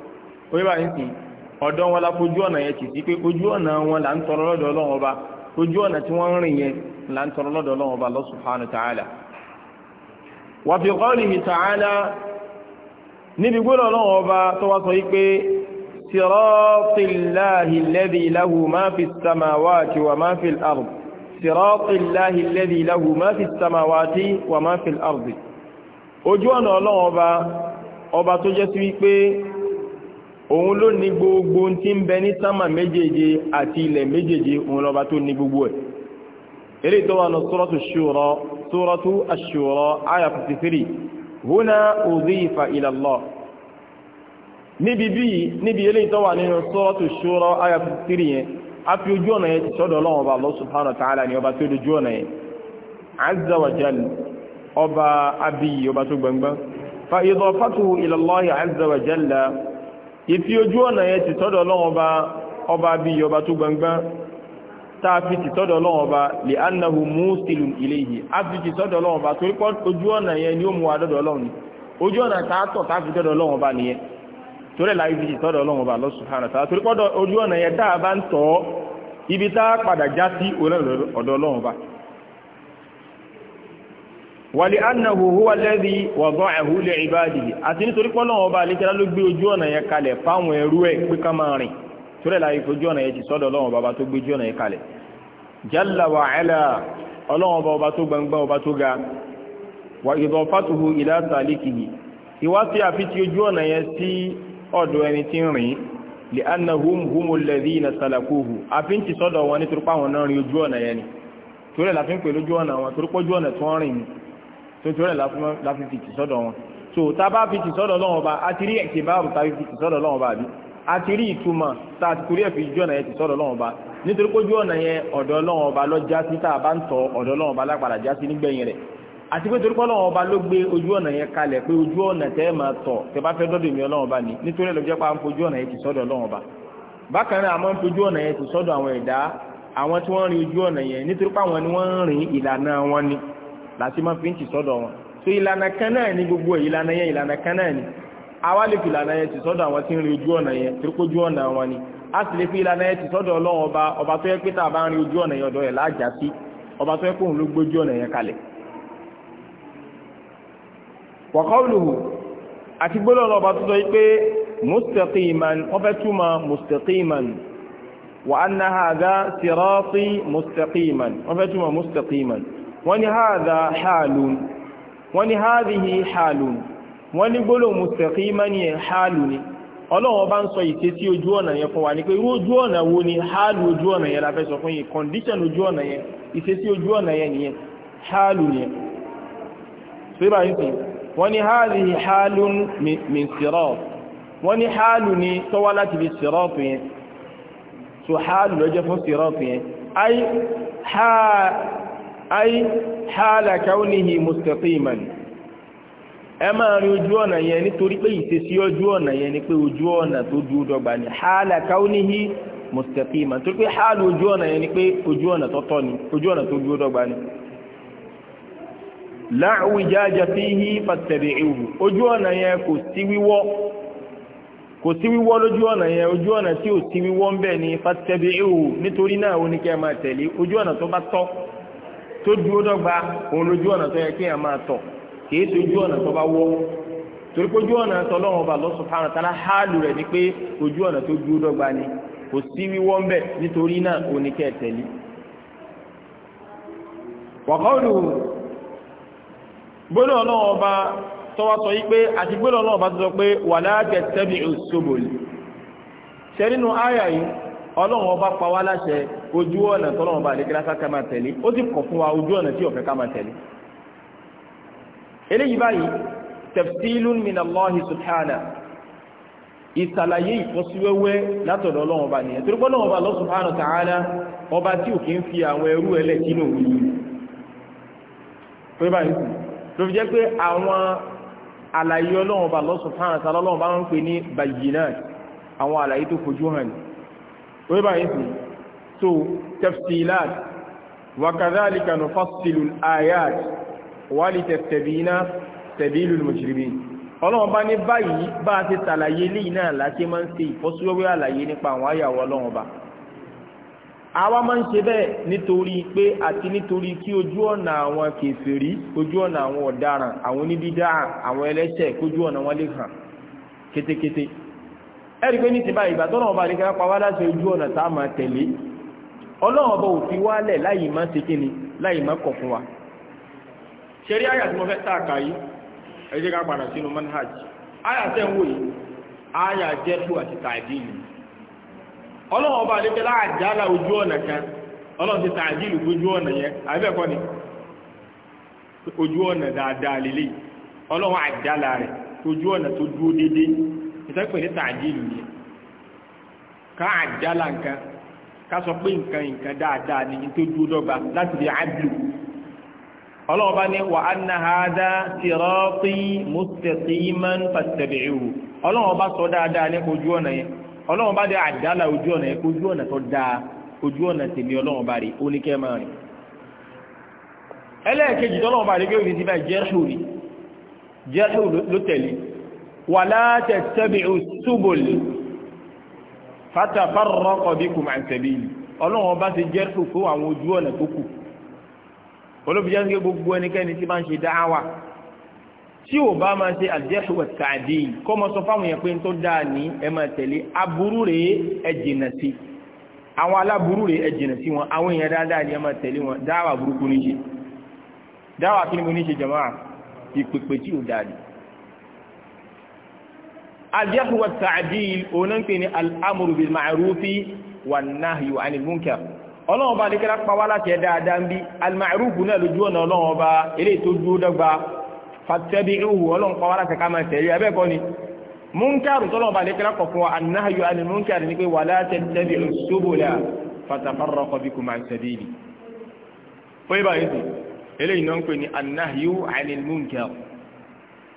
oyeba yìí sì ọ̀dọ̀ wọn la fojú ọ̀nà yẹn tì sí pé ojú ọ̀nà wọn là ń tọrọ lọ́dọ̀ ọlọ́run ọba ojú ọ̀nà tí wọ́n ń rìn yẹn là ń tọrọ lọ́dọ̀ ọlọ́run ọba Allah subhanahu wa ta'ala. wa fi qawlihi níbi gbọ́dọ̀ ọlọ́run ọba tó wá sọ yìí pé siratillahi alladhi lahu ma fi samawati wa ma fi al-ard siratillahi alladhi lahu fi samawati wa ma fi al ojú ọ̀nà ọlọ́run ọba ọba tó jẹ́ sí wípé òun ló ní gbogbo tí ń bẹ ní sámà méjèèje àti ilẹ̀ méjèèje òun lọ́ba tó ní gbogbo ẹ̀ eléyìí tó wà ní suratu Shura suratu Ash-Shura aya 53 huna udhifa ila Allah níbi bíi níbi eléyìí tó wà nínú suratu Shura aya 53 yẹn a fi ojú ọ̀nà yẹn ti sọ́dọ̀ ọlọ́run ọba Allah subhanahu wa ta'ala ọba tó dojú ọ̀nà yẹn azza ọba abiyi ọba tó gbangban fa idhafatuhu ila Allah azza wa ìfi ojú ọ̀nà yẹn ti tọ́dọ̀ ọlọ́run ọba ọba bíi ọba tó gbangban tá a fi ti tọ́dọ̀ ọlọ́run ọba lè anahu muslim ilayhi a fi ti tọ́dọ̀ ọlọ́run ọba torí ojú ọ̀nà yẹn ni ó mú wa dọ́dọ̀ ọlọ́run ojú ọ̀nà tá a tọ̀ tá a fi tọ́dọ̀ ọlọ́run ọba nìyẹn torí ẹ̀ láyé fi ti tọ́dọ̀ ọlọ́run ọba Allah subhanahu wa ta'ala torí ojú ọ̀nà yẹn tá bá ń tọ̀ ibi tá ولأنه هو الذي وضعه لعباده àti nítorí pé Ọlọ́run Ọba àlékẹ́lá ló gbé ojú ọ̀nà yẹn kalẹ̀ fáwọn ẹrú ẹ̀ pé ká máa rìn torí ẹ̀ láyé ojú ọ̀nà yẹn ti sọ́dọ̀ Ọlọ́run Ọba tó gbé ojú ọ̀nà yẹn kalẹ̀ Jalla wa ala Ọlọ́run Ọba tó gbangba ọba tó ga wa idafatuhu ila salikihi ìwá sí àfi ti ojú ọ̀nà yẹn sí ọ̀dọ̀ ẹni tí ń rìn li'annahum humul ladhina salakuhu àfi ti sọ́dọ̀ wọn nítorí pé náà rìn ojú ọ̀nà yẹn ni torí ẹ̀ láfi ń pè lójú ọ̀nà wọn torí pé ọ̀nà tí wọ́n rìn ni tuntun rẹ̀ la fi fìtì sọ́dọ̀ wọn so taba a bá fìtì sọ́dọ̀ lọ́wọ́ ọba a ti rí ẹ̀kẹ́ báàbù tá a fi fìtì sọ́dọ̀ lọ́wọ́ ọba àbí a ti rí ìtumọ̀ tá a ti torí ẹ̀ fi ju ọ̀nà yẹn ti sọ́dọ̀ lọ́wọ́ ọba nítorí pé ojú ọ̀nà yẹn ọ̀dọ̀ lọ́wọ́ ọba lọ jásí tá a bá ń tọ̀ ọ̀dọ̀ lọ́wọ́ ọba lápàdà jásí nígbẹ̀yìn rẹ̀ àti pé torí ló gbé ojú ọ̀nà yẹn kalẹ̀ pé ojú ọ̀nà tẹ́ ẹ máa tọ̀ tẹ́ bá fẹ́ dọ́dọ̀ mi ọlọ́wọ́ ọba ni nítorí ẹ̀ ló jẹ́ pé à ń fojú ọ̀nà yẹn ti sọ́dọ̀ lọ́wọ́ ọba bákan náà àmọ́ ń fojú ọ̀nà yẹn ti sọ́dọ̀ àwọn ẹ̀dá àwọn tí wọ́n rin ojú ọ̀nà yẹn nítorí pé àwọn ni wọ́n rin ìlànà wọn ni láti máa fi ń tì sọ́dọ̀ wọn so ìlànà kan náà ni gbogbo ìlànà yẹn ìlànà kan náà ni àwa ìlànà yẹn tì sọ́dọ̀ àwọn tí ń rí ojú ọ̀nà yẹn ni a sì lè fi ìlànà yẹn tì sọ́dọ̀ ọlọ́run ọba ọba tó yẹ pé tá a bá ń rí ojú ọ̀nà yẹn sí ọba tó yẹ pé òun ló gbójú ọ̀nà yẹn kalẹ̀. wa anna mustaqiman mustaqiman wọ́n ní haza halun wọ́n ní hazihi halun wọ́n ní gbólóhùn mustaqima ní halun ni ọlọ́wọ́n bá ń sọ ìṣe sí ojú ọ̀nà yẹn fún wa ní pé irú ojú ọ̀nà wo ni hálù ojú ọ̀nà yẹn la sọ fún yìí condition ojú ọ̀nà yẹn ìṣe sí ojú ọ̀nà yẹn nìyẹn hálù yẹn so ibà yìí sìn wọ́n ní hálù hálù min sirat wọ́n ní hálù ni tó wá láti fi sirat yẹn so hálù ló jẹ́ fún sirat yẹn ay ay hala kaunihi mustaqiman ẹ máa rin ojú ọ̀nà yẹn nítorí pé ìṣesí ojú ọ̀nà yẹn ni pé ojú ọ̀nà tó dúró dọ́gba ni hala kaunihi mustaqiman torí pé hala ojú ọ̀nà yẹn ni pé ojú ọ̀nà tó tọ́ ni ojú ọ̀nà tó dúró dọ́gba ni. láwùjájà fíhí fattabi'uhu ojú ọ̀nà yẹn kò sí wíwọ́ kò ọ̀nà yẹn ojú ọ̀nà tó dúró dọ́gba òun lójú ọ̀nà tó yẹ kí ẹ máa tọ̀ kìí sojú ọ̀nà tó bá wọ́ torí pé ojú ọ̀nà tó lọ́wọ́ bá Allah subhanahu wa ta'ala háàlù rẹ̀ ni pé ojú ọ̀nà tó dúró dọ́gba ni kò sí wíwọ́ ń bẹ̀ nítorí náà oníkẹ́ ẹ̀tẹ̀lé. wa gbọ́dọ̀ ọlọ́wọ́ bá tọ́wọ́ sọ yí pé àti gbọ́dọ̀ ọlọ́wọ́ wala yìí ọlọ́wọ́ bá pa wá ojú ọ̀nà tọ́lọ́mọba àdékẹ́lásá ká máa tẹ̀lé ó ti kọ̀ fún wa ojú ọ̀nà tí ọ̀fẹ́ ká máa tẹ̀lé eléyìí báyìí tafsilun min Allahi subhanahu ìsàlàyé ìfọ́síwẹ́wẹ́ látọ̀dọ̀ ọlọ́mọba nìyẹn torí pọ́lọ́mọba Allah subhanahu ta'ala ọba tí òkè ń fi àwọn ẹrú ẹlẹ́tí lòun yìí pé báyìí ló fi jẹ́ pé àwọn àlàyé ọlọ́mọba Allah subhanahu ta'ala ọlọ́mọba ń pè ní bayyinat àwọn àlàyé tó fojú hàn ní pé báyìí so tafsilat wa kadhalika nufassilu al-ayat wa litastabina sabilu al-mujrimin ọlọ́run bá ní báyìí bá a ti ṣàlàyé léyìí náà láti máa ń ṣe ìfọ́síwẹ́wẹ́ àlàyé nípa àwọn àyàwó ọlọ́run ọba àwa máa ń ṣe bẹ́ẹ̀ nítorí pé àti nítorí kí ojú ọ̀nà àwọn kèfèrí ojú ọ̀nà àwọn ọ̀daràn àwọn oníbídà àwọn ẹlẹ́ṣẹ̀ kójú ọ̀nà wọn lè hàn kétékété ẹ̀rí pé ní ti báyìí ìgbà tọ́nà ọba àdékẹ́lá pa wá láti ojú ọ̀nà tá a máa tẹ̀lé ọlọ́wọ́ ọba ò fi wálẹ̀ láì máa ṣe kí ni láì máa kọ̀ fún wa rí àyà tí mo fẹ́ yìí ká padà sínú manhaj àyà tẹ́ ń wò yìí àyà jẹ́ tó àti láàjálà ojú ọ̀nà kan ti ojú ni ojú ọ̀nà dáadáa lélẹ̀ àjálà rẹ̀ ojú ọ̀nà tó dúró ká sọ pé nǹkan nǹkan dáadáa ni tó dúró dọ́gba láti di adlu ọlọ́run bá ní wa anna hadha sirati mustaqiman fattabi'uhu ọlọ́run bá sọ dáadáa ní ojú ọ̀nà yẹn ọlọ́run bá dé àdálà ojú ọ̀nà yẹn ojú ọ̀nà tó dáa ojú ọ̀nà tèmi ọlọ́run bá rí máa rìn ẹlẹ́ẹ̀kejì tọ́lọ́run bá rí ti bá jẹ́rù rí ló tẹ̀lé wala tattabi'u subul fatafarraqa bikum an sabili ọlọ́run ọba ti jẹ́ kókó àwọn ojú ọ̀nà tó kù olóbi jẹ́ gbogbo ẹnikẹ́ni tí máa ń ṣe dáhàwá tí ò bá máa ṣe àjẹsù ẹ̀tàdì kọ́ mọ sọ fáwọn yẹn pé ń tó dáa ní ẹ máa tẹ̀lé aburú rèé ẹ jìnà sí àwọn aláburú rèé ẹ jìnà sí wọn àwọn èèyàn dáadáa ní ẹ máa tẹ̀lé wọn dáwà burúkú níṣe dáwà kí ni mo níṣe jàmáà ìpèpè tí ò dáa nìí aljahu wa ta'dil onan pe ni al'amru bil ma'rufi wan nahyu 'anil munkar ọlọ́run ọba adékẹ́lá pa wá láti ẹ̀dá adá ń bí almarufu náà lójú ọ̀nà ọlọ́run ọba eré tó dúró dọ́gba fattabi'uhu ọlọ́run pa wá láti ká máa tẹ̀lé abẹ́ kọ́ ni munkaru tọ́lọ́run ọba adékẹ́lá kọ̀ fún wa annahyu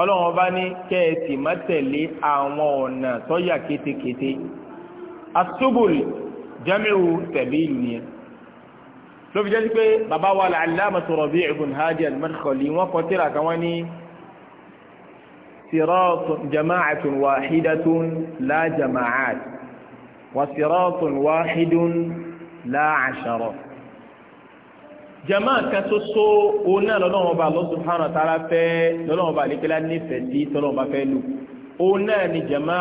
ọlọ́run ọba ní kẹ́ẹ̀sì má tẹ̀lé àwọn ọ̀nà tọ́yà kétékété asubul jamiu sabilu nìyẹn ló fi jẹ́ sí pé bàbá wa al-allamatu Rabi' ibn Hadi al-Madkhali wọ́n kọ tírà kan wọ́n ní siratun jama'atun wahidatun la jama'at wa siratun wahidun la 'ashara jama kan ṣoṣo òun náà lọ́lọ́wọ́n ba Allah subhanahu wa ta'ala fẹ́ lọ́lọ́wọ́n ba alekela nífẹ̀ẹ́ sí tọ́lọ́wọ́n ba fẹ́ lò òun náà ni jama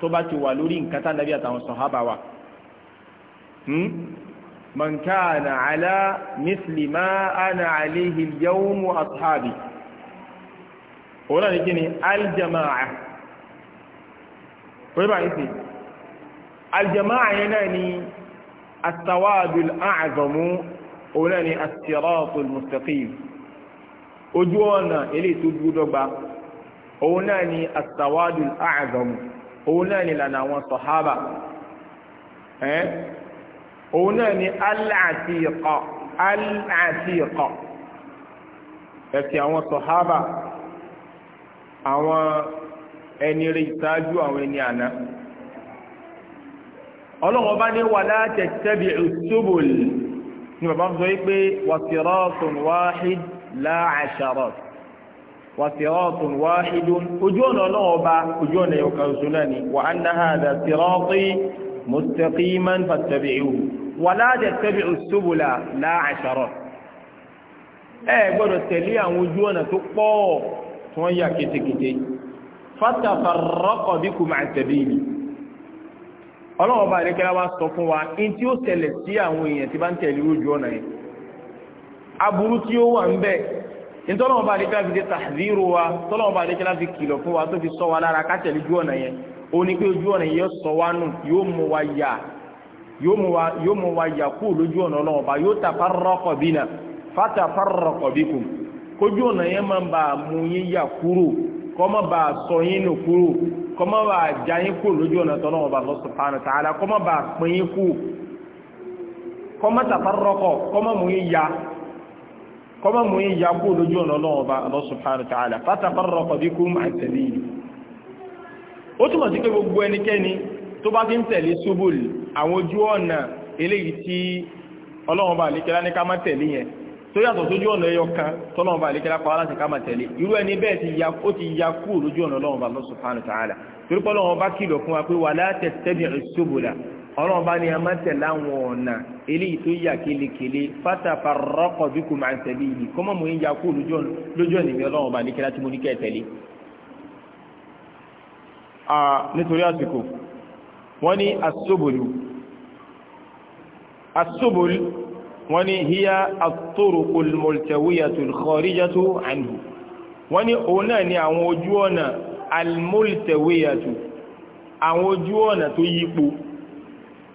tó bá ti wà lórí nǹkan tá nàbí àtàwọn sọ̀hábà wa. Hmm? man kana ala misli ma ana alayhi al ashabi òun ni kí ni aljama'a pé báyìí sí aljama'a yẹn náà ni asawaadul a'zamu òun náà ni as-siratul mustaqim ojú ọ̀nà eléyìí tó dúró dọ́gba òun náà ni as-sawadul a'zam òun náà ni lànà àwọn sàhábà ẹ́ òun náà ni al-'atiqa ẹ̀sìn àwọn sàhábà àwọn ẹni rí ìtajú àwọn ẹni àná ọlọ́wọ́n bá ní wala tattabi'u subul. ni bàbá nzo yìí pé wàsírọ́ọ̀tún wáhid láàṣàrọ̀ wàsírọ́ọ̀tún wáhidun ojú ọ̀nà ọlọ́wọ́ ọba ojú ọ̀nà ẹ̀yọ̀ kan ṣùnà ni wà á ná ha dà sírọ́ọ̀tì mustaqiman fattabi'uhu wà láàdẹ̀ tẹ̀bi la asharat ẹ gbọ́dọ̀ tẹ̀lé àwọn ojú ọ̀nà tó pọ̀ tí wọ́n yà kétékété fatafarraqa bikum an sabili ọlọ́wọ́ bá ìrẹ́kẹ́lá wá sọ fún wa in tí ó ṣẹlẹ̀ sí àwọn èèyàn tí bá ń tẹ̀lé ojú ọ̀nà yẹn aburú tí ó wà ń bẹ in tọ́lọ́wọ́ bá ìrẹ́kẹ́lá fi dé tàzírò wa tọ́lọ́wọ́ bá fi kìlọ̀ fún wa tó fi sọ wa lára ká ojú ọ̀nà yẹn ó ní pé ojú ọ̀nà sọ wa nù yóò mú wa yà kójú ọ̀nà yẹn máa ń mú yín yà kúrò kọ́ máa sọ yín nù kúrò kọ́mọ́ bá já yín kú lójú ọ̀nà tọ́nà ọba Allah subhanahu wa ta'ala kọ́mọ́ bá pín yín kú kọ́mọ́ tàfárọ́kọ̀ kọ́mọ́ mú ya kọ́mọ́ mú yín ya kú lójú ọ̀nà náà ọba Allah subhanahu wa ta'ala fatafárọ́kọ̀ bikum an sabili ó túmọ̀ sí pé gbogbo ẹnikẹ́ni tó bá ti ń tẹ̀lé subul àwọn ojú ọ̀nà eléyìí tí ọlọ́run bá àlékẹ́lá ní ká má tẹ̀lé yẹn tó yàtọ̀ sójú ọ̀nà ẹyọ kan tọ́lọ́run bá àlékẹ́lá pa aláṣẹ ká máa tẹ̀lé irú ẹni bẹ́ẹ̀ ti ya ó ti ya kú lójú ọ̀nà ọlọ́run bá lọ́sùn fáànù tààlà torí pé ọlọ́run bá kìlọ̀ fún wa pé wà láti tẹ́bi ìṣòbòlà ọlọ́run bá ní a máa tẹ̀lé àwọn ọ̀nà eléyìí tó yà kelekele fátàfà rọ́kọ̀ bí kò máa tẹ̀lé yìí kọ́mọ́ mo ń ya kú lójú wọ́n ní hiya at-turuqul multawiyatul kharijatu anhu wọ́n ní òun náà ni àwọn ojú ọ̀nà al-multawiyatu àwọn ojú ọ̀nà tó yípo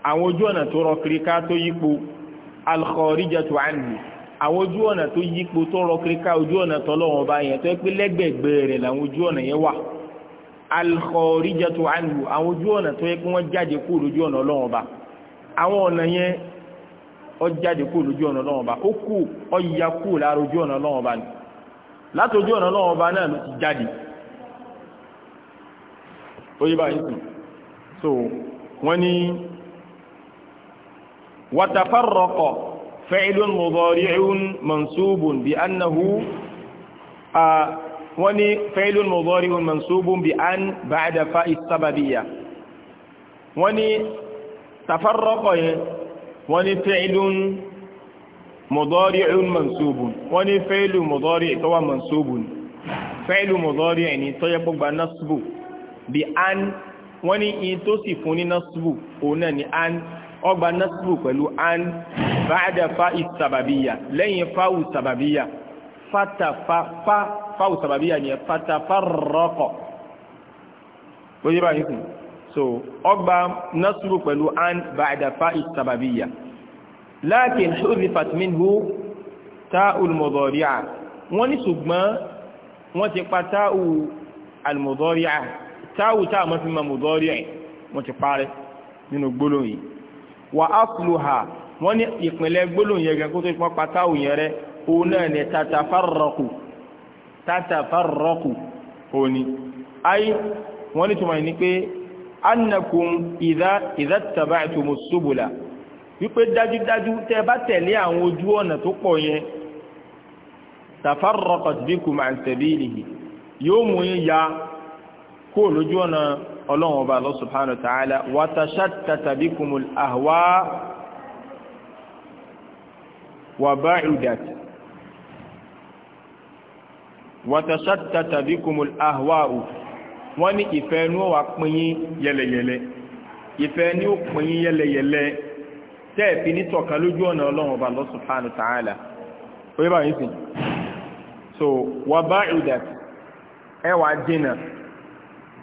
àwọn ojú ọ̀nà tó rọkìríká tó yípo al-kharijatu àwọn ojú ọ̀nà tó yípo tó rọkìríká ojú ọ̀nà tọ́lọ́wọ́n bá yẹn tó pé lẹ́gbẹ̀gbẹ̀ rẹ̀ làwọn ojú ọ̀nà yẹn wà al-kharijatu àwọn ojú ọ̀nà tó yẹ pé wọ́n jáde kúrò lójú ọ̀nà ọlọ́wọ́n bá àwọn ọ̀nà yẹn ọjáde kó lójú ọ̀nà Ọlọ́run Ọba ó kú ọ̀ya kú lára ojú ọ̀nà Ọlọ́run Ọba ni látòjú ọ̀nà Ọlọ́run Ọba náà ló ti jáde ó yé báyìí sùn so wọ́n ní wàtàfàrọ̀kọ̀ fẹ́ẹ́lún mudari'un mansubun bí annahu wọ́n ní fẹ́ẹ́lún mudari'un mansubun bí an ba'da fa'i wọ́n ní tàfàrọ̀kọ̀ yẹn wọ́n ní fẹ́ẹ́lùn mudari'un mansubun wọ́n ní fẹ́ẹ́lù mudari' tó wà mansubun fẹ́ẹ́lù mudari' ẹni tó yẹ kó gba nasbu bí an wọ́n ní in tó sì fún ní nasbu òun ni an ó gba nasbu pẹ̀lú an ba'da fa ìsàbàbíyà lẹ́yìn fáwù sàbàbíyà fatafa fa fáwù sàbàbíyà ni fatafarraqa bó yẹ so ọgbà nasuru pẹ̀lú an ba'dafa ìsàbàbíyà lákin hudifat minhu ta'ul mudari'a wọ́n ní ṣùgbọ́n wọ́n ti pa ta'u al-mudari'a ta'u ta'a ma fi ma mudari'a wọ́n ti parẹ́ nínú gbólóhùn yìí wà asluha wọ́n ní ìpínlẹ̀ gbólóhùn yẹn gan ni tatafarraqu ní pé annakum idha idha ittaba'tum as-subula wípé dájúdájú tẹ́ bá tẹ̀lé àwọn ojú ọ̀nà tó pọ̀ yẹn tafarraqat bikum an sabilihi yóò mú yín ya kó lójú ọ̀nà ọlọ́run ọba Allah subhanahu wa ta'ala wa tashattata bikumul ahwa wa ba'idat wa tashattata bikumul ahwa'u. wọ́n ní ìfẹ́ inú wa pín yẹlẹyẹlẹ ìfẹ́ inú ó pín yẹlẹyẹlẹ tẹ́ ẹ̀ fi ọba Allah subhanahu ta'ala oyè báyìí sìn so wà bá ìdàt ẹ wà jìnà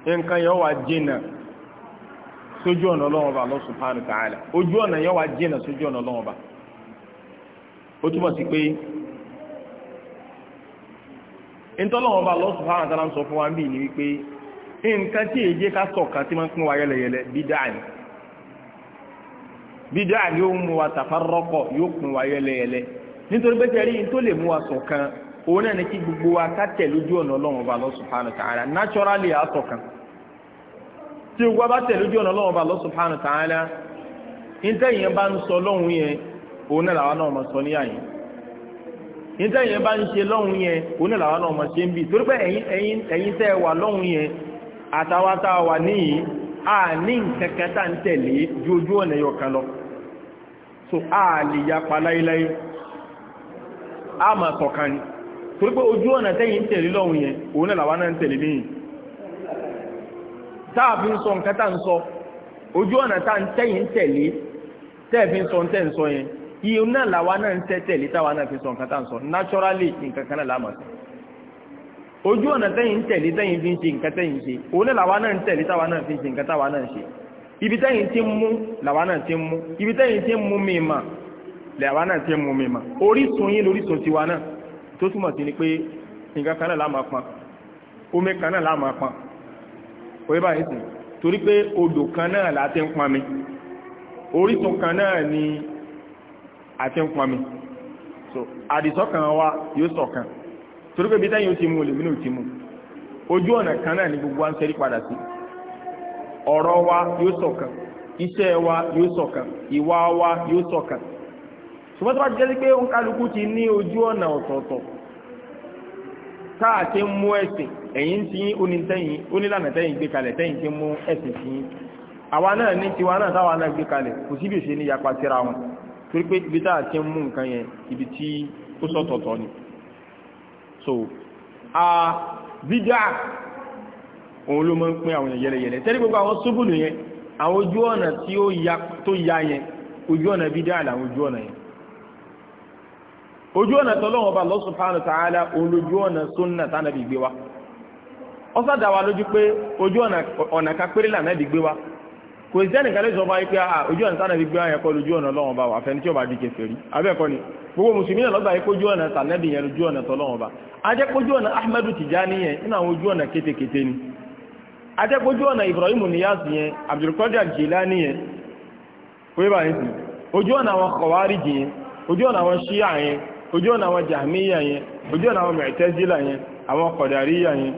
nǹkan yẹn wà jìnà sójú ọ̀nà ọlọ́run ọba Allah ta'ala ojú ọ̀nà yẹn wà jìnà sójú ọ̀nà ọlọ́run ọba ó túmọ̀ sí pé ọba ń sọ fún wa ń bì nǹkan tí èjé ká sọ̀kan tí wọ́n pín wa yẹlẹyẹlẹ bídáà ni bídáà ni mú wa tàfárọ́kọ̀ yóò pín wa yẹlẹyẹlẹ nítorí pé tó lè mú wa sọ̀kan òun náà ni kí gbogbo wa ká tẹ̀ lójú ọ̀nà ọlọ́run ọba gbogbo wa bá tẹ̀ lójú ọ̀nà ọlọ́run ọba bá ń sọ lọ́hùn yẹn òun náà làwọn náà mọ̀ sọ bá ń ṣe lọ́hùn yẹn òun náà làwọn náà mọ̀ ṣe ń bì torí pé ẹ̀yin tẹ́ wà àtàwátà wà níyí a ní kẹkẹta ń tẹ̀lé ju ojú ọ̀nà yọ lọ so a lè yapa láíláí a mà tọ̀kan ni torí pé ojú ọ̀nà tẹ́yìn ń tẹ̀lé lọ́hùn yẹn òun náà làwọn náà ń tẹ̀lé níyìn táàfin sọ nǹkan tá ń sọ ojú ọ̀nà tá ń tẹ̀yìn ń tẹ̀lé tẹ́ẹ̀fin sọ ń tẹ̀ ń sọ yẹn iye náà náà ń tẹ̀ náà fi sọ nǹkan ń sọ naturally nǹkan kan náà làwọn ojú ọ̀nà tẹ́yìn ń tẹ̀lé tẹ́yìn fi ń ṣe nǹkan tẹ́yìn ṣe òun làwa náà ń tẹ̀lé táwa náà fi ń ṣe nǹkan táwa náà ṣe ibi tẹ́yìn ti ń mú làwa náà ti ń mú ibi tẹ́yìn ti ń mú mi mà làwa náà ti ń mú mi mà orísun yín lórísun tiwa náà tó túmọ̀ sí ni pé nǹkan kan náà la máa pọn omi kan náà la máa pọn òye báyìí sì torí pé odò kan náà la ti ń pọn mi orísun kan náà ni a ti ń pọn mi àdìsọ́kàn wa yóò ṣọ̀kan torí pé ibi táyìn ó ti mú olèmí ti mú ojú ọ̀nà kan náà ni gbogbo wa ń ṣẹ́rí padà sí wa yóò ṣọ̀kan iṣẹ́ wa wa yóò ṣọ̀kan ṣùgbọ́n tó bá ti jẹ́ pé ń kálukú ti ní ojú ọ̀nà ọ̀tọ̀ọ̀tọ̀ táà ti ń mú ẹ̀sìn ẹ̀yìn tí onítẹ̀yìn onílànà tẹ̀yìn gbé kalẹ̀ mu ti mú ẹ̀sìn naa i àwa náà ní tiwa náà táwa náà gbé kalẹ̀ kò síbi ti ń mú nǹkan ibi tí ó sọ̀tọ̀ọ̀tọ̀ so a bídà òun ló máa ń pín àwọn yẹlẹyẹlẹ tẹ́lẹ̀ gbogbo àwọn súbùlù yẹn àwọn ojú ọ̀nà tí ó ya tó ya yẹn ojú ọ̀nà bídà làwọn ojú ọ̀nà yẹn ojú ọ̀nà tọ́lọ́wọ́n ọba Allah subhanahu wa òun lójú ọ̀nà sunna tánàbì gbé wa ó sá wa lójú pé ojú ọ̀nà kan lànà gbé kò sí ẹnìkan lè sọ bá yí pé ah, ojú ọ̀nà tánàbí gbé ayẹ̀kọ́ lójú ọ̀nà Ọlọ́run bá wà fẹ́ni tí ó bá di kèfèrí abẹ́ẹ̀kọ́ ni gbogbo mùsùlùmí náà lọ́gbà yí kójú ọ̀nà tànẹ́bì yẹn lójú ọ̀nà tọ́lọ́run bá ajẹ́kójú ọ̀nà Ahmadu Tijani yẹn nínú àwọn ojú ọ̀nà kétékété ni ajẹ́kójú ọ̀nà Ibrahim Niyas yẹn Abdulkadir Jilani yẹn wíwá bá yẹn sì ojú ọ̀nà àwọn Khawarij yẹn ojú ọ̀nà àwọn Shia yẹn ojú ọ̀nà àwọn Jahmiya yẹn ojú ọ̀nà àwọn Mu'tazila yẹn àwọn Qadariyya yẹn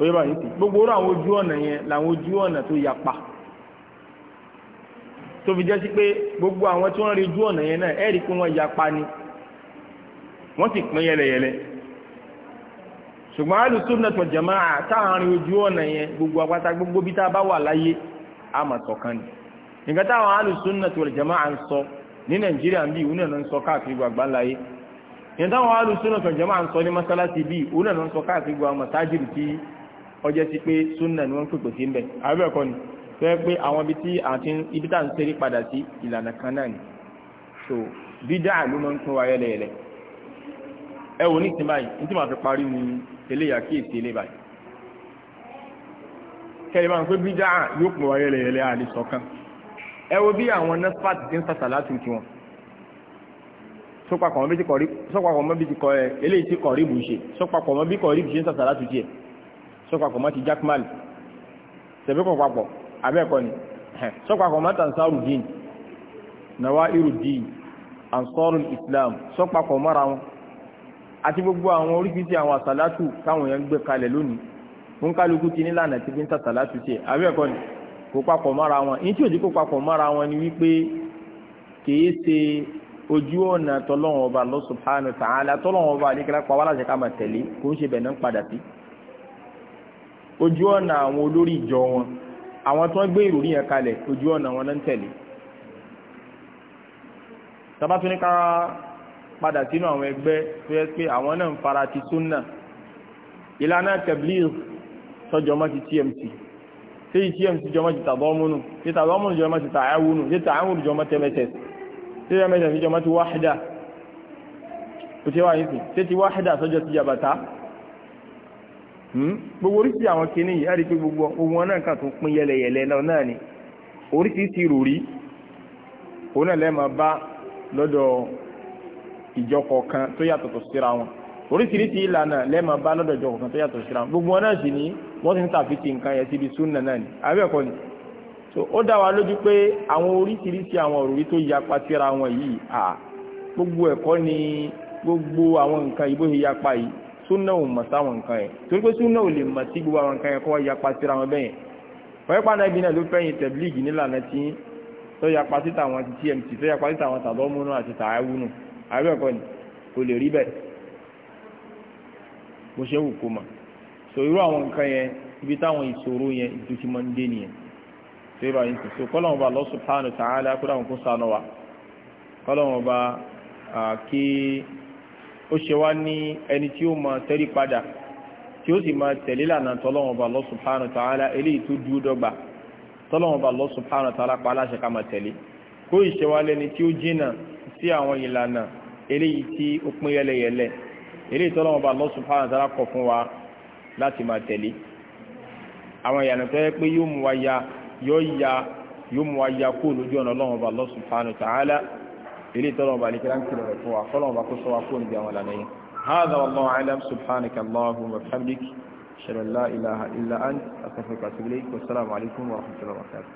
oye yi sì gbogbo orú àwọn ojú ọ̀nà yẹn làwọn ojú ọ̀nà tó yapa tó fi jẹ́ sí pé gbogbo àwọn tí wọ́n rí ojú ọ̀nà yẹn náà ẹ̀rí pé wọ́n yapa ni wọ́n sì pín yẹlẹyẹlẹ ṣùgbọ́n al-sunnah wal jamā'ah ojú ọ̀nà yẹn gbogbo apáta gbogbo bí tá a bá wà láyé a mà ṣọ̀kan ni nǹkan táwọn ń sọ ní nàìjíríà ń bí náà ń sọ káàkiri gbàgbá láyé táwọn à ń sọ ní masalasi bí ọjọ́ sí pé súnà ni wọ́n ń pèpè sí ń bẹ̀ àbẹ̀ ẹ̀kọ́ ni tó yẹ pé àwọn ibi tí àti ibi tá à ń ṣeré padà sí ìlànà kan náà ni so bídà ló máa ń pín wa yẹlẹyẹlẹ ẹ wò ní ìsìn báyìí ní tí màá fi parí ni eléyà kí èsì ilé báyìí kẹlẹ máa ń pé bídà yóò pín wa yẹlẹyẹlẹ àlè sọ̀kan ẹ wo bí àwọn nurse ti ń sàtà láti tiwọn sọpapọ̀ mọ́ bí ti kọ̀ rí bù ṣe sọpapọ̀ mọ́ bí kọ̀ rí bù ṣe láti tiẹ̀ sọ́pàpọ̀ mọ́ ti Jackman tẹ̀bẹ́kọ̀ papọ̀ abẹ́ẹ̀kọ́ ni sọ́pàpọ̀ mọ́ Tansaruddin Nawairuddin Ansarul Islam sọ́pàpọ̀ mọ́ra wọn àti gbogbo àwọn oríṣiríṣi àwọn àsàlátù káwọn yẹn gbé kalẹ̀ lónìí fún kálukú ti nílànà tí fi ń sàsàlátù tiẹ̀ abẹ́ẹ̀kọ́ ni kó papọ̀ mọ́ra wọn ní tí ò kó papọ̀ mọ́ra wọn ni wípé kìí ṣe ojú ọ̀nà tọ́lọ́wọ́n ọba Allah subhanahu wa ta'ala tọ́lọ́wọ́n ọba àdékẹ́lá pa wá láti ká máa tẹ̀lé kó ojú ọ̀nà àwọn olórí ìjọ wọn àwọn tó ń gbé ìròrí yẹn kalẹ̀ ojú ọ̀nà wọn náà ń tẹ̀lé tabatuni ká padà sínú àwọn ẹgbẹ́ tó yẹ pé àwọn náà ń fara ti súnà ìlànà tabligh sọjọmọ ti TMC tí TMC jọmọ ti tàbọ́múnù tí tàbọ́múnù jọmọ ti tààwùnù tí tààwùnù jọmọ ti MSS tí MSS jọmọ ti wáhídà tó ti wáhídà sọjọ ti jàbàtà Hmm? gbogbo oríṣi àwọn kìíní yìí ẹ̀rí pé gbogbo ohun ọ̀nà kan tó pín yẹlẹyẹlẹ náà ni oríṣiríṣi ròrí òun náà lẹ́ẹ̀ máa bá lọ́dọ̀ ìjọ kọ̀ọ̀kan tó yàtọ̀ tó síra wọn oríṣiríṣi ìlànà lẹ́ẹ̀ma bá lọ́dọ̀ ìjọ kọ̀ọ̀kan tó yàtọ̀ síra wọn gbogbo wọn sì ni wọ́n ti ń tàfi ti nǹkan yẹn síbi súnà náà ni abẹ́ẹ̀kọ́ ni so ó dá wa lójú pé àwọn oríṣiríṣi àwọn òrùrí tó yapa síra wọn yìí à gbogbo ẹ̀kọ́ ni gbogbo àwọn nǹkan yìí yapa yìí súnà ò mọ̀ sáwọn nǹkan yẹn torí pé súnà ò lè mọ̀ sí gbogbo àwọn nǹkan yẹn kó wọ́n yapa síra wọn bẹ́yẹn wọ́n yapa náà ibi náà ló fẹ́yìn tẹ̀blíìgì nílànà tí tó yapa sí tàwọn ti tmt tó yapa sí tàwọn tàbọ́múnú àti tàáwúnú àbẹ́ẹ̀kọ́ ni kò lè rí bẹ́ẹ̀ bó ṣe wù kó mọ̀ so irú àwọn nǹkan yẹn ibi táwọn ìṣòro yẹn ìtú ti máa ń dé nìyẹn tó yẹ báyìí sọ kọ́lọ́wọ́n bá Allah subhanahu wa ta'ala kó dáhùn kó sànù wa kọ́lọ́wọ́n bá kí ó ṣe wá ní ẹni tí ó máa tẹ́rí padà tí ó sì máa tẹ̀lé lànà tọ́lọ́wọ́n bá Allah subhanahu eléyìí tó dúró dọ́gba tọ́lọ́wọ́n bá Allah subhanahu pa aláṣẹ ká máa tẹ̀lé kó ìṣe wá lẹ́ni tí ó jìnnà sí àwọn ìlànà eléyìí tí ó pín yẹlẹyẹlẹ eléyìí tọ́lọ́wọ́n bá Allah subhanahu wa kọ̀ fún wa láti tẹ̀lé àwọn ìyànà tó yẹ pé yóò wa ya yóò ya yóò mú wa ya kó lójú ọ̀nà ilé tọ́lọ̀ ọba àlekẹ́lá ń kìlọ̀ rẹ̀ fún wa fọ́lọ̀ هذا والله أعلم سبحانك اللهم وبحمدك شر أن لا إله إلا أنت أستغفرك وأتوب إليك والسلام عليكم ورحمة الله وبركاته